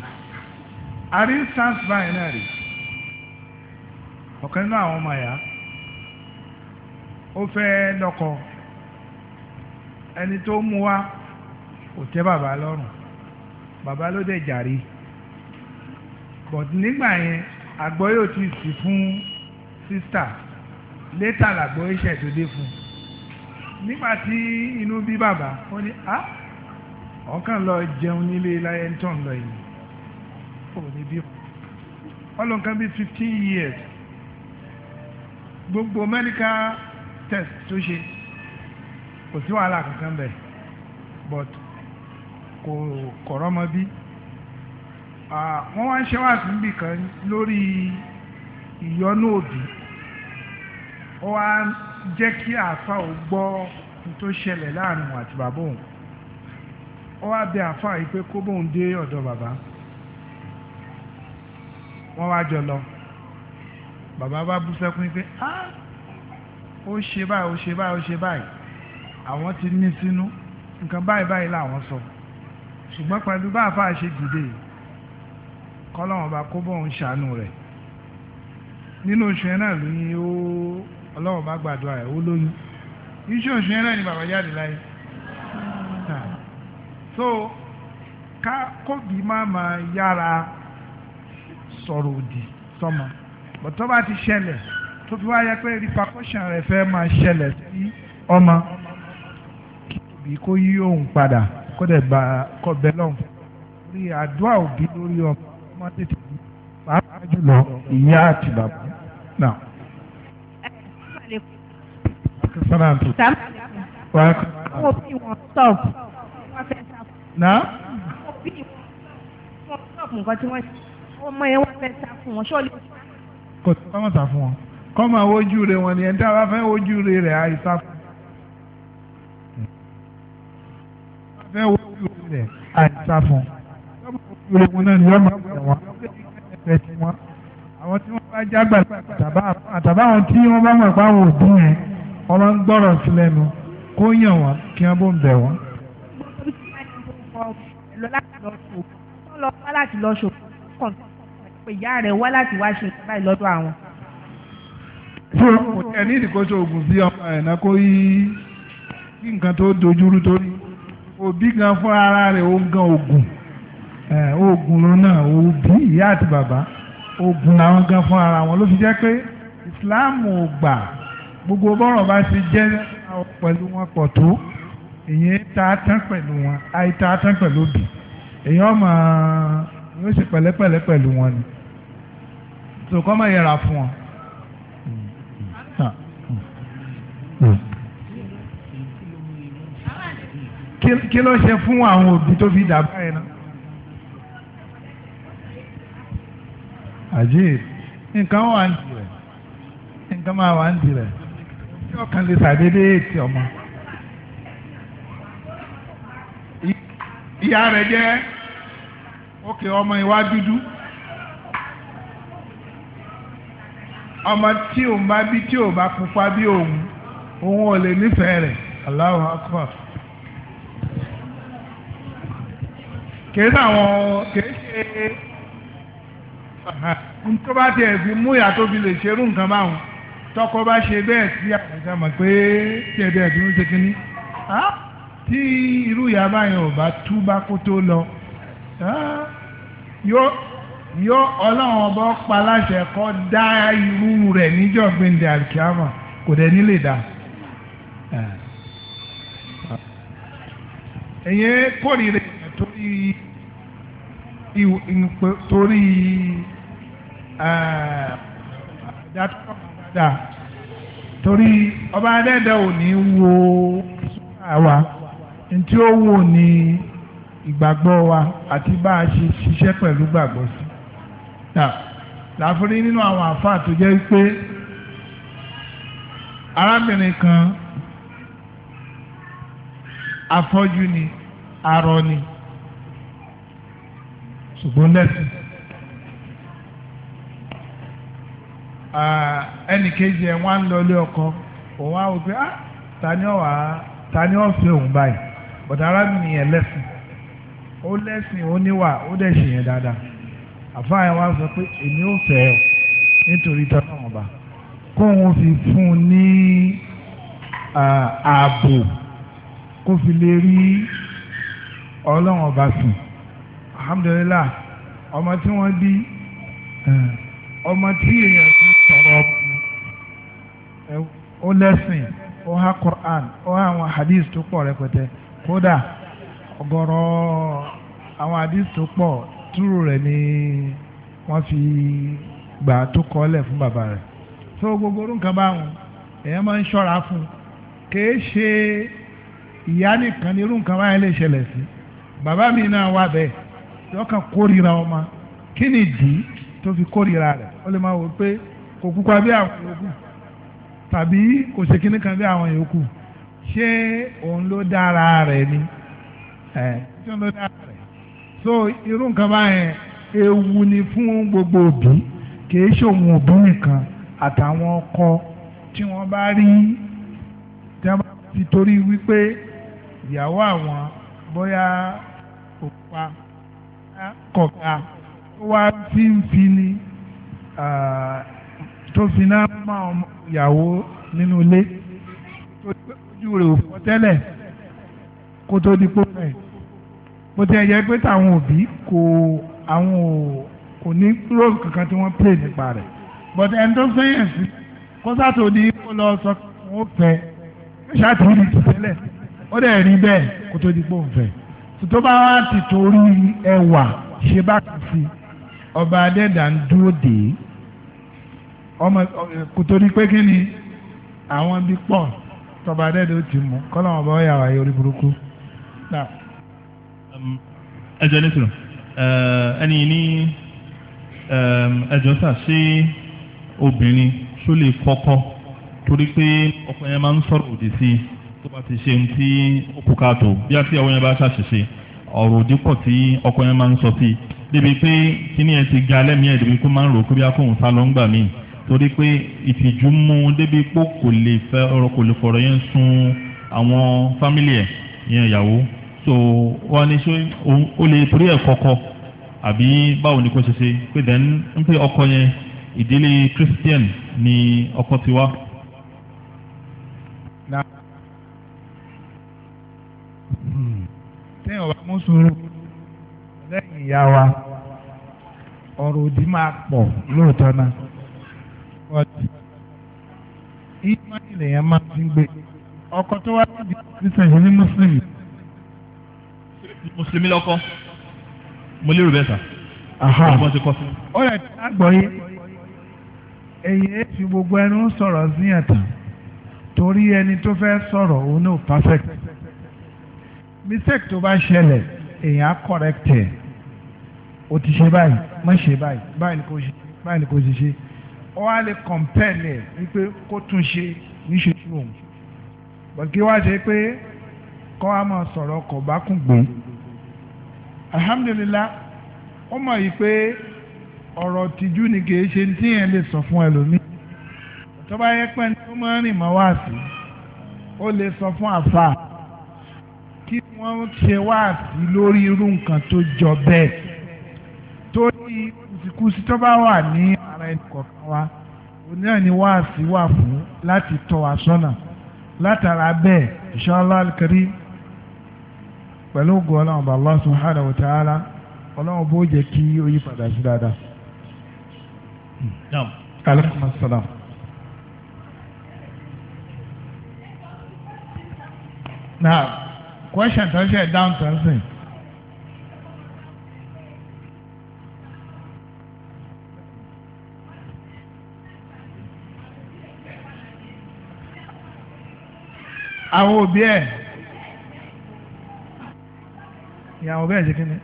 àrí stance báyìí náà rèé ọ̀kan nínú àwọn ọmọ ẹ̀yà ó fẹ́ lọ́kọ ẹni tó mú wa kò tẹ́ bàbá lọ́rùn bàbá ló dẹ̀ jàre but nígbà yẹn àgbọ̀ yóò ti sì fún sísítà létà làgbọ̀ iṣẹ́ tó dé fún un nígbà tí inú bí bàbá ó ní a ọ̀kan lọ jẹun nílé láyé ń tàn lọ yìí ó ní bí ọlọ́nkan bíi fifteen years gbogbo medical test tó ṣe kò sí wàhálà kankan bẹ̀ but kò kọ̀rọ̀ mọ́ bí wọ́n wá ń ṣe wá síbì kan lórí ìyọnú òbí ó wá jẹ́ kí àáfà ò gbọ́ tó ṣẹlẹ̀ láàrin òun àti bàbá òun ó wá bẹ àáfà yìí pé kó bóun dé ọ̀dọ̀ bàbá wọ́n wá jọ lọ bàbá bá bú sẹ́kún pé ó ṣe báyìí ó ṣe báyìí ó ṣe báyìí àwọn ti ní sínú nǹkan báyìí báyìí làwọn sọ ṣùgbọ́n pẹ̀lú bá ṣe dìde yìí kọ́lọ́wọ́n bá kó bọ́ọ̀ ń ṣàánú rẹ̀ nínú oṣù yẹn náà lóyún ó ọlọ́wọ́n bá gbàdúrà rẹ̀ ó lóyún iṣẹ́ oṣù yẹn náà ni bàbá jáde láyé so ká kóbi máa máa yára sọ̀rọ̀ òdì sọ́mọ bọ̀tọ́ bá ti ṣẹlẹ̀ tó fi wáyé pé repercussion rẹ̀ fẹ́ máa ṣẹlẹ̀ sí ọmọ kí òbí kó yí òun padà kó dẹ̀ bá kọ́ bẹ́ẹ̀ lọ́hùn rí àdúrà òbí lórí ọmọ máa tètè yí pàápàá jùlọ ìyá àti bàbá náà. Àwọn òbí wọn stop. Náà. Àwọn òbí wọn stop nǹkan tí wọ́n ṣe. Ọmọ yẹn wọ́n fẹ́ sá fún wọn. Ṣọ́ọ́lì. Kò sí ọmọ sá fún wọn. Kọ́ máa wojú rẹ̀ wọn ni ẹni tí a bá fẹ́ wojú rẹ̀ àìsá fún. Fẹ́ wojú rẹ̀ àìsá fún ogun náà ni wọ́n máa bẹ̀ wọ́n ẹgbẹ́ tí wọ́n àwọn tí wọ́n bá jágbà àtàbá àwọn tí wọ́n bá mọ̀ pé àwọn òbí yẹn wọ́n máa ń gbọ́rọ̀ sí lẹ́nu kó yàn wọ́n kí wọ́n bó ń bẹ̀ wọ́n. láti o kò tẹ ní ìdíkóso oògùn sí ọmọ ẹ̀ náà kó yí kí nǹkan tó dojúrú torí òbí gan fún ara rẹ̀ ó ń gan oògùn oògùn ló náà òbí ìyá àti bàbá oògùn làwọn gan fún ara wọn ló fi jẹ́ pé ìsìláàmù ò gbà gbogbo bọ́rọ̀ bá ṣe jẹ́ pẹ̀lú wọn pọ̀ tó èyàn ta tán pẹ̀lú wọn àìta tán pẹ̀lú òbí èyàn mọ̀ yóò ṣe pẹ̀lẹ́pẹ̀lẹ́ pẹ̀lú wọn ni tòkọ́ mọ̀ yẹra fún wọn. kí ló ṣe fún àwọn òbí tó fi dàbá yẹn náà. àjíì nǹkan wà ń tirẹ̀ nǹkan máa wà ń tirẹ̀ tí ọkàn lè sàdédé ètì ọmọ. ìyá rẹ̀ jẹ́ òkè ọmọ ìwá dúdú ọmọ tí òun bá bí tí òun bá pupa bí òun òun ò lè nífẹ̀ẹ́ rẹ̀ Allahu Akbar. kèé sàwọn kèé ṣe tó bá tiẹ̀ fi mú ìyá tó fi lè ṣerú nǹkan báwọn tọkọ bá ṣe bẹ́ẹ̀ sí àpẹẹrẹ mọ̀ pé tiẹ̀ bẹ́ẹ̀ dúró ṣe kínní tí irú ìyá báyìí ò bá túbá kó tó lọ yóò ọlọ́run ọba paláṣẹ kọ́ dá irú rẹ̀ níjọ́ gbẹ̀ndẹ̀ àríkíámà kò dẹ̀ nílé dá. ẹ̀yẹ kórìíra torí torí Eh, torí ọba adẹ́dẹ́ ò ní wo àwa ntí ó wò ní ìgbàgbọ́ wa àti bá a ṣe ṣiṣẹ́ pẹ̀lú gbàgbọ́ sí láforí nínú àwọn àfáà tó jẹ́ pé arábìnrin kan afọ́jú ni arọ ni ṣùgbọ́n lẹ́sìn. Ah, ẹnì kejì ẹ̀ wọ́n á ń lọ ilé ọkọ òun á wò pé ah tani ọ̀ wá tani ọ̀ fẹ́ òun báyìí bọ̀dá arábìnrin yẹn lẹ́sìn ó lẹ́sìn ó níwà ó dẹ̀ ṣe yẹn dáadáa àfáà yẹn wá sọ pé èmi ò fẹ́ ọ nítorí tọ́lá wọn bá kóun fi fún un ní ah, ààbò kó fi lè rí ọlọ́run ọba sùn alhamdulilah ọmọ tí wọ́n bí. Eh, ọmọ tí èèyàn ti sọ̀rọ̀ ó lẹ́sìn ó há Quran ó ha àwọn hadith tó pọ̀ rẹpẹtẹ kódà ọ̀gọ̀rọ̀ àwọn hadith tó pọ̀ túrò rẹ̀ ni wọ́n fi gbà tó kọ́lẹ̀ fún bàbá rẹ̀ tó gbogbo orú nǹkan báwọn èèyàn máa ń ṣọ́ra fún kìí ṣe ìyá nìkan ní irú báyẹn lè ṣẹlẹ̀ sí bàbá mi náà wà bẹ́ẹ̀ yọkàn kórìíra ọmọ kí ni ìdí tó fi kórìíra rẹ̀ ó lè máa wò pé kò pupa bí àwọn yòókù tàbí kò ṣe kíní kan bí àwọn yòókù ṣé òun ló dára rẹ̀ ni ẹ ṣé òun ló dára rẹ̀ so irú nǹkan báyẹn ewu ni fún gbogbo òbí kìí ṣòwò òbí nìkan àtàwọn ọkọ tí wọ́n bá rí tí wọ́n bá ti torí wípé ìyàwó àwọn bóyá òpa kọ̀ọ̀kan tó wá sí ni tó fi náà máa yàwó nínú ilé tó ojú rẹ̀ ò fọ́ tẹ́lẹ̀ kó tó di pọ́ rẹ̀ bó ti yẹ pé táwọn òbí kò àwọn ò kò ní role kankan tí wọ́n play nípa rẹ̀ but ẹni tó fẹ́yẹ̀ sí kó sátò ní kó lọ sọ fún ó fẹ́ ṣáàtì rí ti tẹ́lẹ̀ ó dẹ̀ rí bẹ́ẹ̀ kó tó di pọ́ fẹ́ tó bá wá ti torí ẹwà ṣe bá kàn sí i ọba adẹ́dà ń dúró dè é ọmọ kò tó ní pé kí ni àwọn bí pọ̀ tọba adẹ́dà ó ti mú kọ́lá wọn bá yà wáyé orí burúkú. ẹjọ́ ní sùn ẹni ní um, ẹjọ́ sà ṣé obìnrin ṣó lè kọ́kọ́ torí pé ọkọ yẹn máa ń sọ̀rọ̀ òdì sí i tó bá ti ṣe ti kú káàtó bí a ti àwọn yẹn bá ṣàṣìṣe ọ̀rọ̀ òdì pọ̀ tí ọkọ yẹn máa ń sọ sí i débi pé kíní ẹ ti ga lẹ́mìí ẹ̀ débi kó máa ń rò kó bí akóhùn sá lọ ń gbà míì torí pé ìtìjú mú débi pé kò lè fẹ́ ọ̀rọ̀ kò lè fọ̀rọ̀ yẹn sun àwọn fámìlì ẹ̀ yẹn ìyàwó so wọ́n ní ṣé o lè torí ẹ̀ kọ́kọ́ àbí báwo ni kò ṣe ṣe pé then ń pè ọkọ yẹn ìdílé christian ni ọkọ ti wá. Hmm, téèyàn wá mú sùúrù. lẹ́yìn ìyá wa ọ̀rọ̀ òdì máa pọ̀ lóòótọ́ náà ìmọ̀lẹ̀ máa ń gbé Ọkọ tó wá láti kírísítà yẹn ní mùsùlùmí. mùsùlùmí lọ́kọ́ mo lérò bẹ́ẹ̀ sà. ó gbogbo ẹnu sọ̀rọ̀ torí ẹni tó fẹ́ sọ̀rọ̀ òun mistake tó bá o ti ṣe báyìí má ṣe báyìí báyìí ni kò ṣe báyìí ni kò ṣe ṣe ọ wá lè kọ̀ǹpẹ́ẹ̀lì ẹ̀ wípé kó tún ṣe níṣe tí òun bọ̀ wá ṣe pé kọ́ á máa sọ̀rọ̀ kò bá kún gbé alhamdulillah ó mọ̀ yìí pé ọ̀rọ̀ tìjú ni kì í ṣe tí yẹn lè sọ fún ẹlòmíì tó bá yẹ pé tó máa ń rìn mọ́ wá ó lè sọ fún àfà kí wọ́n ṣe wá lórí irú nǹkan tó jọ bẹ́ẹ̀ torí kùsìkùsì tó bá wà ní ara ẹni kọ̀ọ̀kan wa oníyàn ni wá sí wà fún láti tọ́ wa sọ́nà látara bẹ́ẹ̀ inshallah al-karim pẹ̀lú ògùn ọlọ́run bá Allah subhanahu wa ta'ala ọlọ́run bó jẹ́ kí ó yí padà sí dáadáa. aleykum salaam. now question tó ṣe dáhùn tó ń sìn. àwọn òbí ẹ̀ ìyàwó bẹ́ẹ̀ ṣe kíni.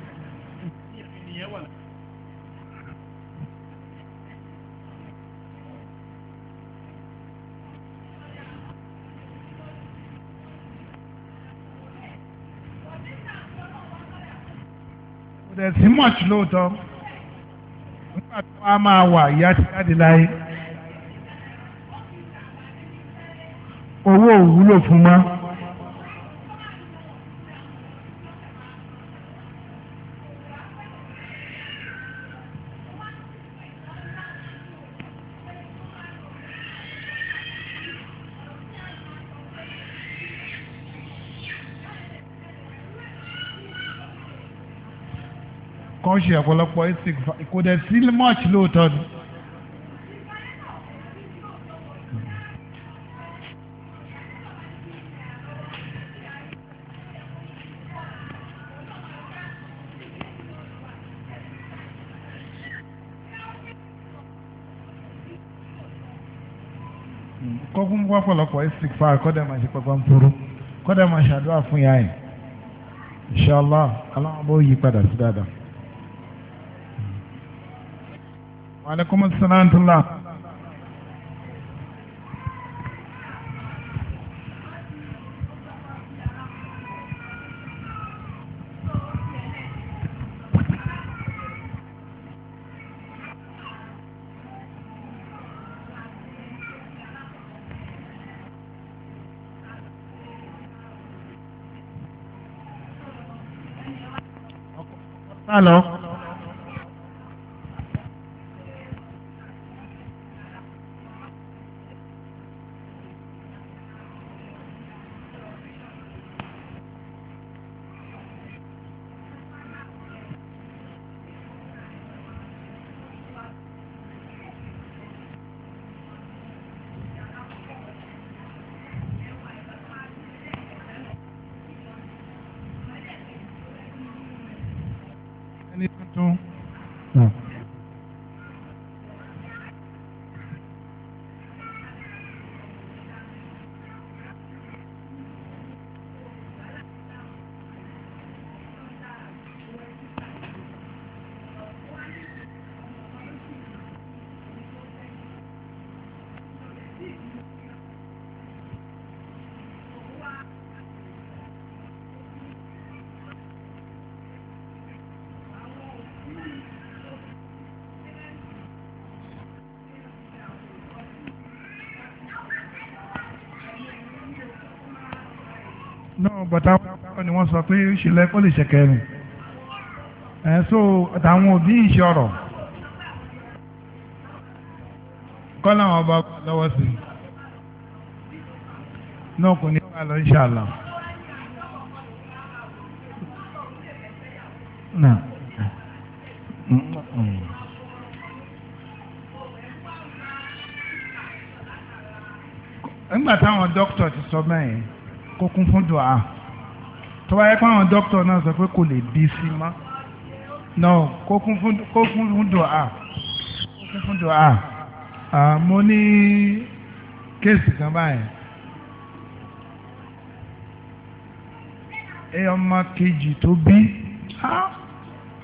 kò dẹ̀ sí mọ̀ọ́tì lóòótọ́ nígbà tó a máa wà ìyá ti jáde láyé. owó òwúlò fún mọ́. kan ṣe ọ̀pọ̀lọpọ̀ istik kò dẹ̀ sí much lóòótọ́ ni. lọ́pọ̀lọpọ̀ istikfar kọ́dẹ̀ máa ṣe pàpà ń tóró kọ́dẹ̀ máa ṣàdúrà fún ìyá ẹ̀ inshallah aláwọ̀ bó yí padà sí dáadáa. wa alaikum Santo. àwọn bàtà wọn ni wọ́n sọ pé ìṣẹ̀lẹ̀ kó lè ṣẹ̀kẹ́ rìn ẹ̀ so àtàwọn òbí ìṣọ̀rọ̀ kọ́ làwọn ọba lọ́wọ́ sí náà kò ní wà lọ ìṣàlà. Now. Mm-mm. nígbà táwọn dókítà ti sọ mẹ́yìn kó kún fún dùá tó bá yẹ pé àwọn dókítà náà sọ pé kò lè bí sí mọ́ náà kó kún fún dùá kó kún fún dùá mo ní kéèsì kan báyìí ẹ ọmọ kejì tó bí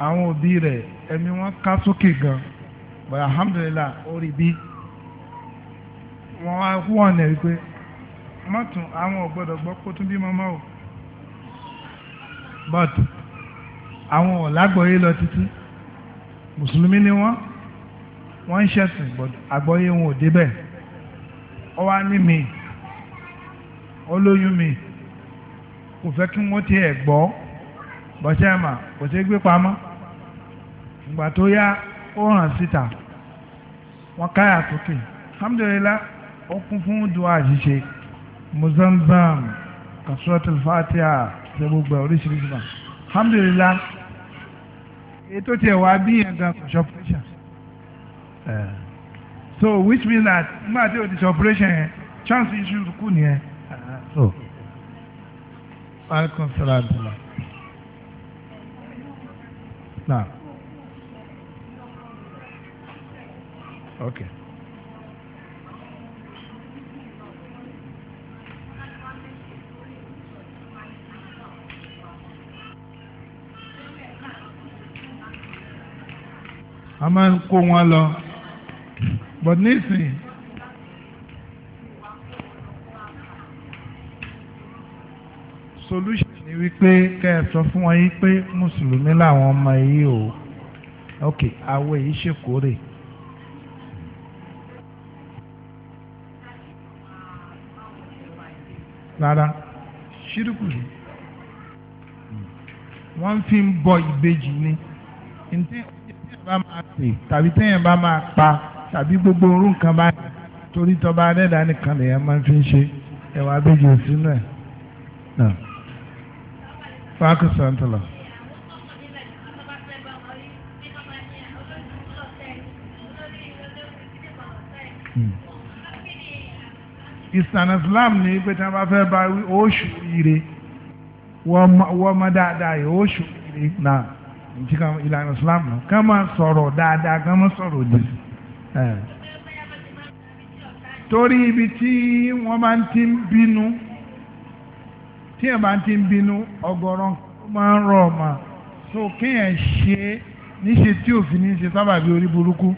àwọn òbí rẹ̀ ẹ̀mí wọn ká sókè gan but alhamdulilah ó rí bí wọn wá wọ̀n ẹ̀ wípé mọ́tún àwọn ò gbọ́dọ̀ gbọ́ kó tún bímọ mọ́ o but àwọn ò lágbọ́yé lọ títí mùsùlùmí ni wọ́n wọ́n ń ṣẹ̀sìn but àgbọ́yé wọn ò débẹ̀ ọ wá ní mi olóyún mi kò fẹ́ kí wọ́n tiẹ̀ gbọ́ bọ́sẹ̀ mà kò sí gbé pamọ́ ìgbà tó yá ó hàn síta wọ́n káyà sókè alhamdulilayi ó kún fún dùn àṣìṣe muzambam kasratul fatiha ṣe gbogbo oríṣiríṣi náà alhamdulilah ètò tiẹ̀ wá bí yẹn gan kò ṣe so which means that nígbà tí o ti ṣe operation yẹn chance issue kù nìyẹn. alaikum salaam tala. Now. Okay. a máa ń kó wọn lọ but nísìnyí. solution ni wípé kẹ́ ẹ sọ fún wọn yìí pé mùsùlùmí làwọn ọmọ yìí o ok àwọ̀ yìí ṣèkórè. rárá ṣírùkù yìí wọ́n fi ń bọ ìbejì ni ǹjẹ́ pè tàbí téèyàn bá máa pa tàbí gbogbo orú nǹkan bá torí tọba adẹ́dá nìkan lèèyàn máa fi ń ṣe ẹ̀wà abéjì sínú ẹ̀ náà fáàkì sọ̀ǹtọ̀lọ̀. Hmm. ìsàn islam ní pé tí wọ́n bá fẹ́ bá oṣù ire wọ́n mọ dáadáa yìí oṣù ire náà. ntika ìlànà islam nù ká máa sọ̀rọ̀ dáadáa ká máa sọ̀rọ̀ òdì sí. torí ibi tí wọ́n máa ti ń bínú tí ẹ̀ máa ti ń bínú ọgọ́rọ́ máa ń rọ̀ ọ̀ma so kéèyàn ṣe níṣe tí òfin ní ṣe sábàbí orí burúkú.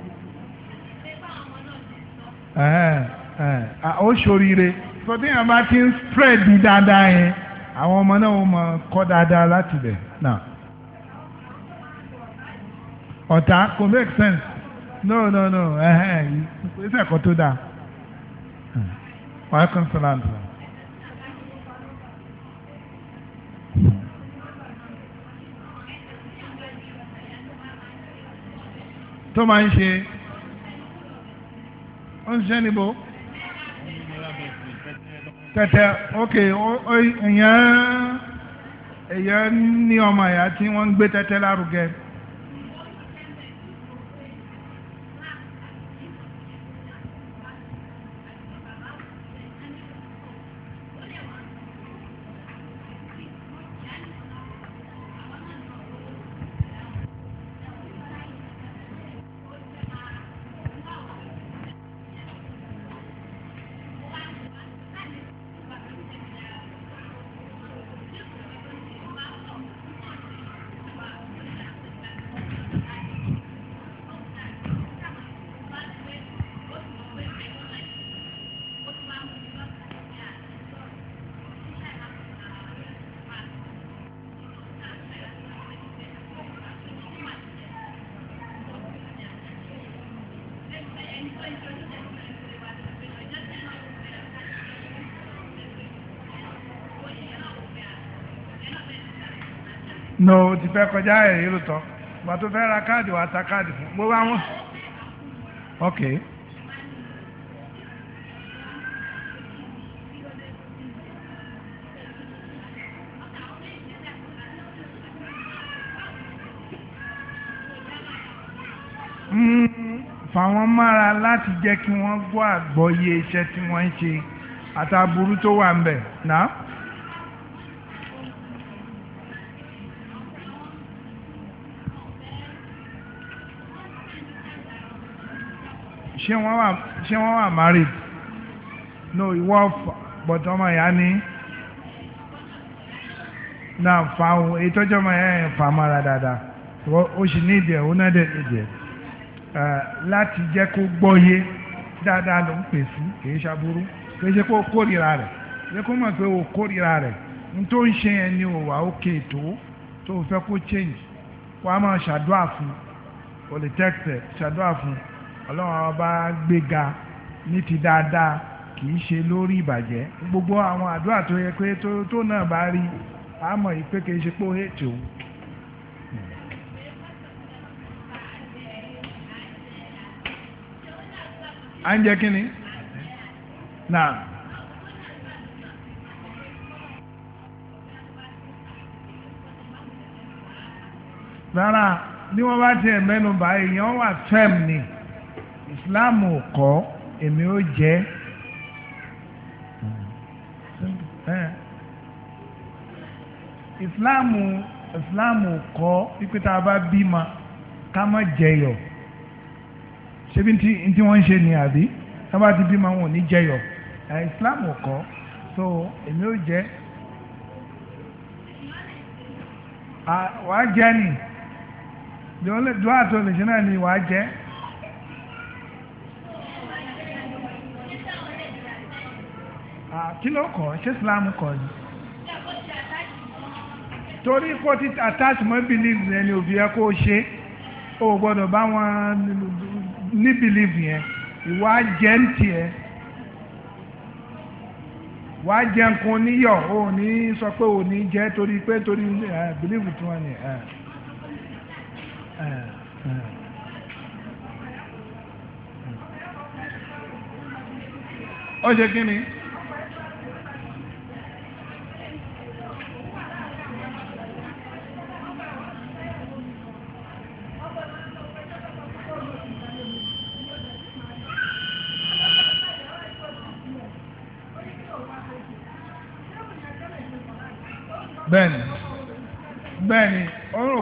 ó ṣoríire sọ tí èèyàn bá ti ń spread dáadáa yẹn àwọn ọmọ náà ó máa kọ́ dáadáa láti bẹ̀ náà. ọ̀tá kò make sense no no no ìgbésẹ̀ kan tó dáa wàá consonant. tó máa ń ṣe ó ń ṣe níbo tẹ̀tẹ̀ ok èèyàn èèyàn ní ọmọ ẹ̀yà tí wọ́n ń gbé tẹ́tẹ́ lárugẹ. no ti fẹ́ kọjá ẹ̀yìn lóòótọ́ ìgbà tó fẹ́ ra káàdì wà á ta káàdì fún gbogbo àwọn ok. mára láti jẹ́ kí wọ́n gbọ́ àgbọ́yé iṣẹ́ tí wọ́n ń ṣe àtàbùrú tó wà ń bẹ̀ náà. ṣé wọ́n wà married no ìwọ bọ̀tọ̀ ọmọ ìyá ni náà fàáhùn ètò ọjọ́ ọmọ ìyá yẹn fàá mọ́ra dáadáa ó sì ní ìdí ẹ̀ ó náà dẹ̀ ìdí ẹ̀. láti jẹ́ kó gbọ́yé dáadáa ló ń pè fún kìí ṣàbúrú kìí ṣe kó kórìíra rẹ̀ ṣé kó mọ̀ pé o kórìíra rẹ̀ n tó ń ṣe yẹn ni ò wá òkè tó fẹ́ kó change kó a máa ṣàdúrà fún ṣàdúrà fún ọlọ́run ọba gbéga ní ti dáadáa kìí ṣe lórí ìbàjẹ́ gbogbo àwọn àdúrà tó yẹ pé tó náà bá rí a mọ̀ yìí pé kìí à ń jẹ kíni náà. rárá bí wọ́n bá tiẹ̀ mẹ́nu bà èèyàn wà fẹ́m ni Islam ò kọ́ èmi ò jẹ́ Islam Islam ò kọ́ pípẹ́ tá a bá bímọ ká má jẹyọ̀ ṣebí tí wọ́n ń ṣe ni àbí sábà ti bímọ wọn ò ní jẹyọ Islam ò kọ́ so èmi ò jẹ́ wàá jẹ́ ni dùwà tó lè ṣe náà ni wàá jẹ́. kí ló kọ́ ṣé Islam kọ́ ni torí kó ti attach mọ́ belief ẹni òbí ẹ kó ṣe o gbọ́dọ̀ bá wọn ní bìlíìfù yẹn ìwà jẹ́ ń tiẹ̀ wàá jẹ nǹkan níyọ̀ ò ní sọ pé ò ní jẹ́ torí pé torí bìlíìfù tí ṣe kí ni.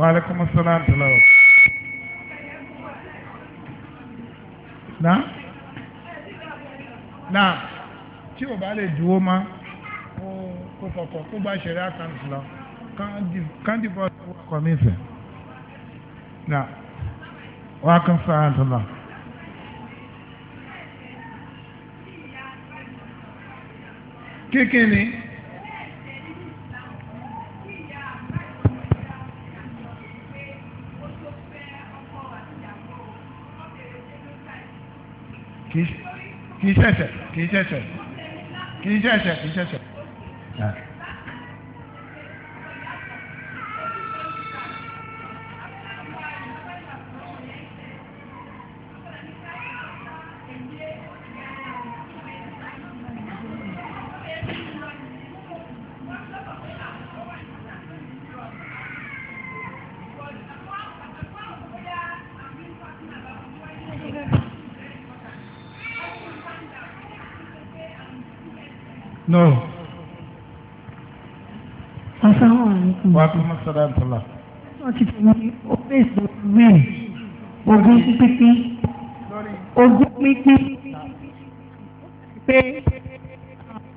Wa alaikum assalam tala o. Na? Na tí o bá lè dúró mọ́ kó fọkọ̀ kó bá ṣẹlẹ̀ àkáǹtì lọ káńdì bọ́ ọkọ̀ mi fẹ̀. Na wa alaikum assalam tala o. Kíkíni. kì í ṣẹ̀ṣẹ̀ kì í ṣẹ̀ṣẹ̀ kì í ṣẹ̀ṣẹ̀ kì í ṣẹ̀ṣẹ̀. wàhálà sọ́dọ̀ àtọ́là. wọ́n ti fi ó fèsì wíìn ogún pínpín ogún pínpín pé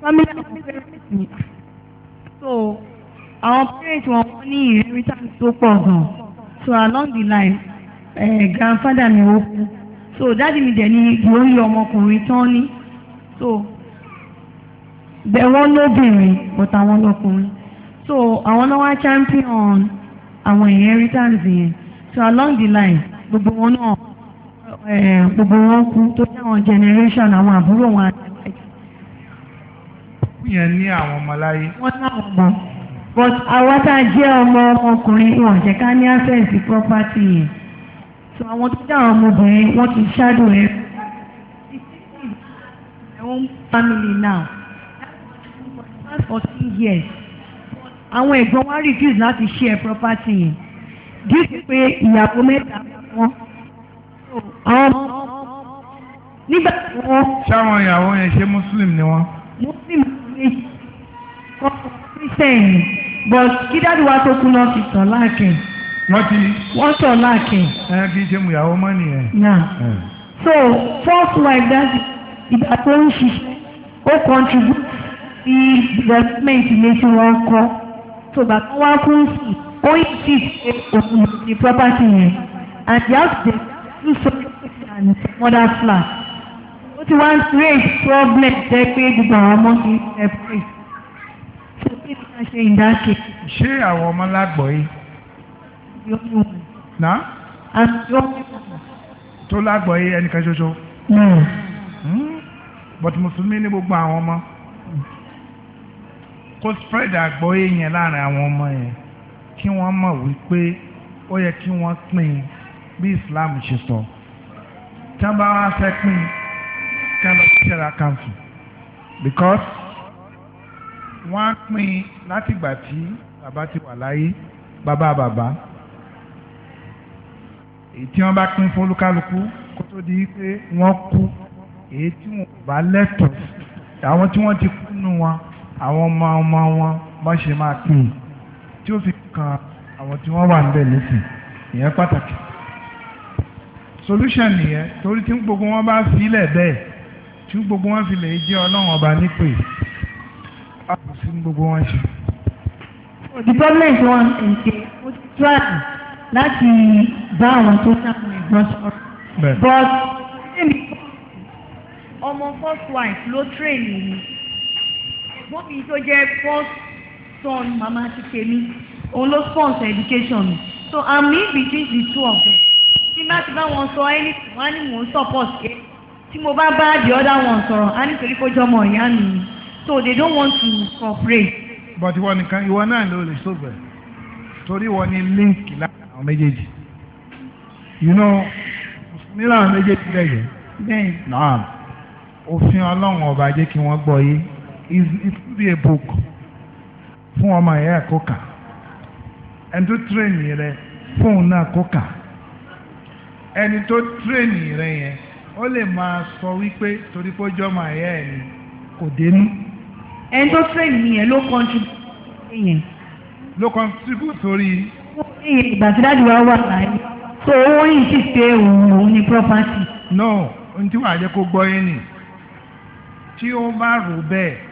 family àwọn parents ni so àwọn parents wọn wọ́n inheritance tó pọ̀ so along the line eh, grandfather mi ó kú so dáàdi mi dẹ̀ ni ìgbóhùn ọmọkùnrin tán ní so bẹ́ẹ̀ wọ́n lóbìnrin but àwọn lọkùnrin. so àwọn náà wá champion àwọn inheritance yẹn so along the line gbogbo wọn náà eh, gbogbo wọn kú tó jẹ́ àwọn generation àwọn àbúrò wọn àti yẹn ní àwọn ọmọ wọ́n ní àwọn ọmọ but àwa tá a jẹ́ ọmọ ọmọkùnrin wọn jẹ́ ká ní access sí property yẹn so àwọn tó dá àwọn ọmọbìnrin wọ́n ti shadow ẹ̀ ẹ̀ own family now that's fourteen years. àwọn ẹ̀gbọ́n wa refuse láti share property yẹn due to pé ìyàwó mẹ́ta wọn àwọn nígbà tí wọ́n. ṣáwọn ìyàwó yẹn ṣe muslim ni wọ́n. muslim ni kọ́ christian but kí dáàdi wa tó kú náà fi tàn láàkìn. wọ́n ti. wọ́n tàn láàkìn. ẹ kì í ṣe mu ìyàwó mọ́ nìyẹn. na so first wife dáàdi ìgbà tó ń ṣiṣẹ́ ó contribute sí development ilé tí wọ́n kọ́ tògbà tó wá fún sí ó yìí sì ṣe òun ní property yẹn and the house dey do so and mother flat ó ti wá ń create problem jẹ́ pé gbogbo àwọn ọmọ ní ẹ̀pẹ́ ṣe kí ni a ṣe ìdáṣe. ṣé àwọn ọmọ lágbọ̀ yìí. yóò mú un. na. and yóò mú un. tó lágbọ̀ yìí ẹnìkan ṣoṣo. Hmm? but mùsùlùmí ní gbogbo àwọn ọmọ kó spread àgbọ́yé yẹn láàrin àwọn ọmọ yẹn kí wọ́n mọ̀ wípé ó yẹ kí wọ́n pín bí Islam ṣe sọ tí wọ́n bá wá fẹ́ pín kí wọ́n lọ because wọ́n á pín látìgbà tí bàbá ti wà láyé bàbá bàbá èyí tí wọ́n bá pín fún olúkálukú kó tó di pé wọ́n kú èyí tí wọ́n bá lẹ́tọ̀ọ́ àwọn tí wọ́n ti kú nù wọn àwọn ọmọ ọmọ wọn bá ṣe máa kí i hmm. tí ó fi kan àwọn tí wọ́n wà ń bẹ̀ lẹ́sìn ìyẹn pàtàkì solution nìyẹn torí tí gbogbo wọn bá filẹ̀ bẹ́ẹ̀ tí gbogbo wọn fi lè jẹ́ ọba nípè á kò sí gbogbo wọn ṣe. the government wan nke o ti try láti bá àwọn tó sáwọn ẹ̀gbọ́n sọ̀rọ̀ but ọmọ first wife ló train mi ṣùgbọ́n mi tó jẹ́ first son mama ti tèmi òun ló sponsor education mi so i'm in between the two of them tí bá ti bá wọn sọ anything wọn á ní mò ń support ké tí mo bá bá the other one sọ̀rọ̀ á nítorí kó jọmọ ìyá mi so they don't want to cooperate. but ìwọ nìkan ìwọ náà ló lè sóbẹ̀ torí ìwọ ni link láàrin àwọn méjèèjì you know nílànà méjèèjì lẹ́yìn. bẹ́ẹ̀ náà òfin ọlọ́run ọba jẹ́ kí wọ́n gbọ́ yé it could be a book fún ọmọ ẹ̀yà kó kà ẹni tó tírẹ̀nì rẹ fóun náà kó kà ẹni tó tírẹ̀nì rẹ yẹn ó lè máa sọ wípé torí pé ó ọmọ ẹ̀yà ẹ̀ ni kò dénú. ẹni tó tírẹ̀nì yẹn ló contribute yẹn. ló contribute sórí. ìgbà tí dájú wa wà láàyè so ó yìí sì pé òun òun ni property. no ohun tí wàá jẹ́ kó gbọ́ yín ni tí ó bá rò bẹ́ẹ̀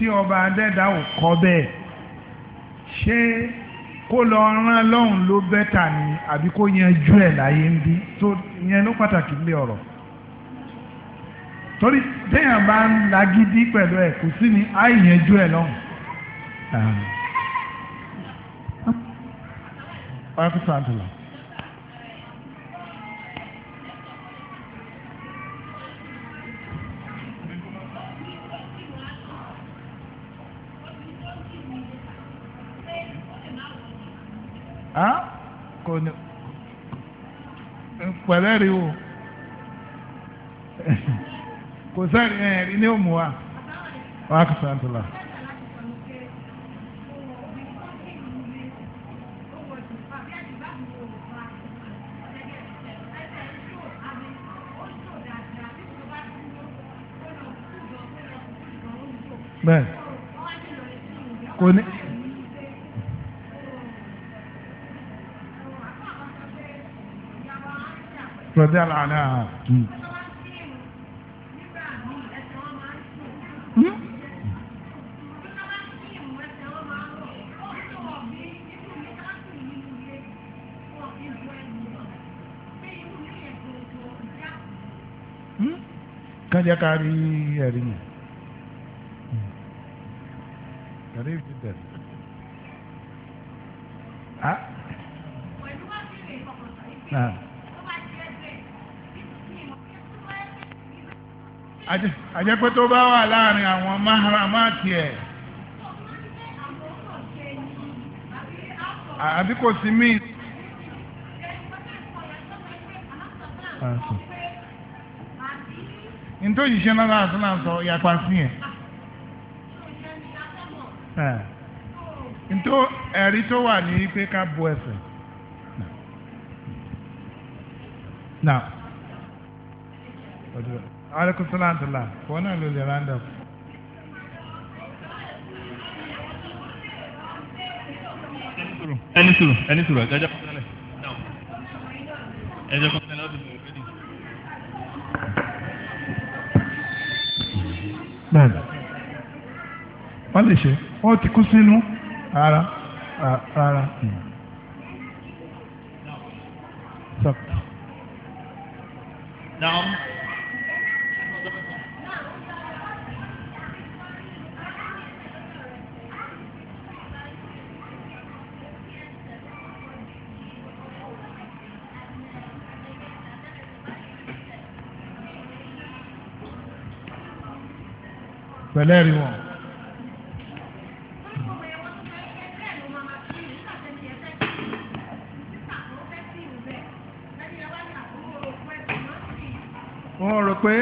tí ọba adẹ́dá ò kọ́ bẹ́ẹ̀ ṣé kó lọ rán lọ́hùn ló bẹ́tà ni àbí kó yanjú ẹ̀ láyé ń bí tó yẹn ló pàtàkì lé ọ̀rọ̀ torí téèyàn bá ń lagídí pẹ̀lú ẹ̀ kò sí ni á yanjú ẹ̀ lọ́hùn. Ah. ọ̀rẹ́ kò kò ní pẹ̀lẹ́ rí o kò sẹ́rí ẹ̀rí ní òmù wa wàá kò sáà tó la. bẹ́ẹ̀ kò ní. rọ̀dí àlànà àtú. Hmm? Hmm? kájá kárí ẹ̀rí yẹn ẹ̀rí ti bẹ̀rẹ̀. Ah. àjẹpẹ́ tó bá wà láàrin àwọn máhàrámáàtì ẹ̀ àbí kò sí míì. nítorí òṣìṣẹ́ náà láti náà sọ sí ẹ̀. nítorí ẹ̀rí tó wà ní pé ká aleykum salaam tala wọn náà ló lè round up. ẹni sùrù ẹni sùrù ẹjọ kọ sílẹ̀ ẹjọ kọ sílẹ̀ ọdún mọ òbí. bẹ́ẹ̀ni wọn lè ṣe wọn ti kú sínú rárá rárá. ẹlẹ́rìí wọn. wọ́n rò pé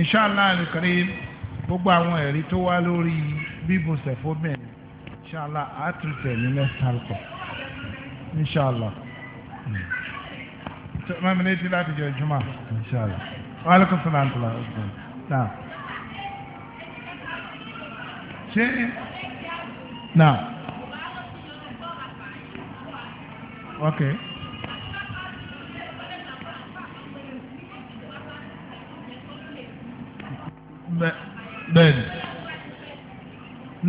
inshallah al-karim gbogbo àwọn ẹ̀rí tó wá lórí bíbùsẹ̀ fóbìnrin inshallah àtúntẹ̀ ní next halkọ̀ inshallah mẹ́mi hmm. létí láti jẹ ìjùmọ̀ inshallah wa alaikum salaam tó la ọ̀sán náà ṣé náà okay.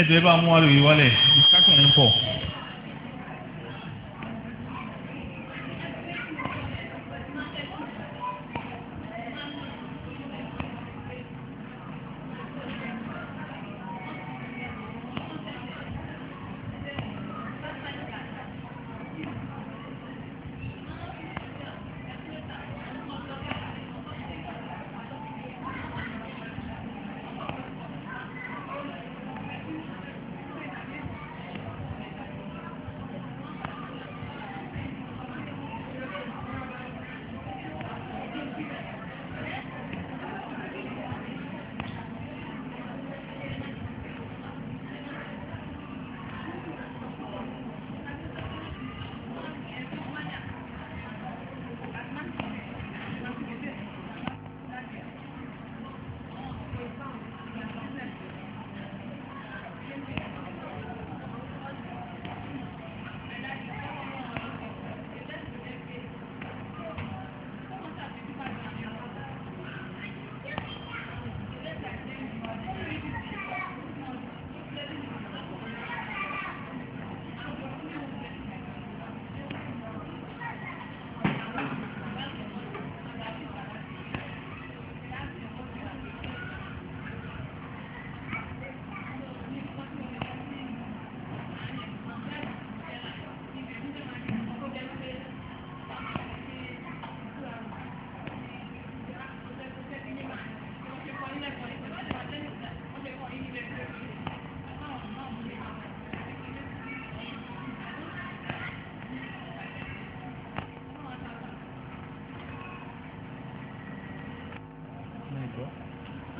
ẹ̀dùn ẹ bá mú àlòyé wálẹ̀ ìkákùnrin pọ̀.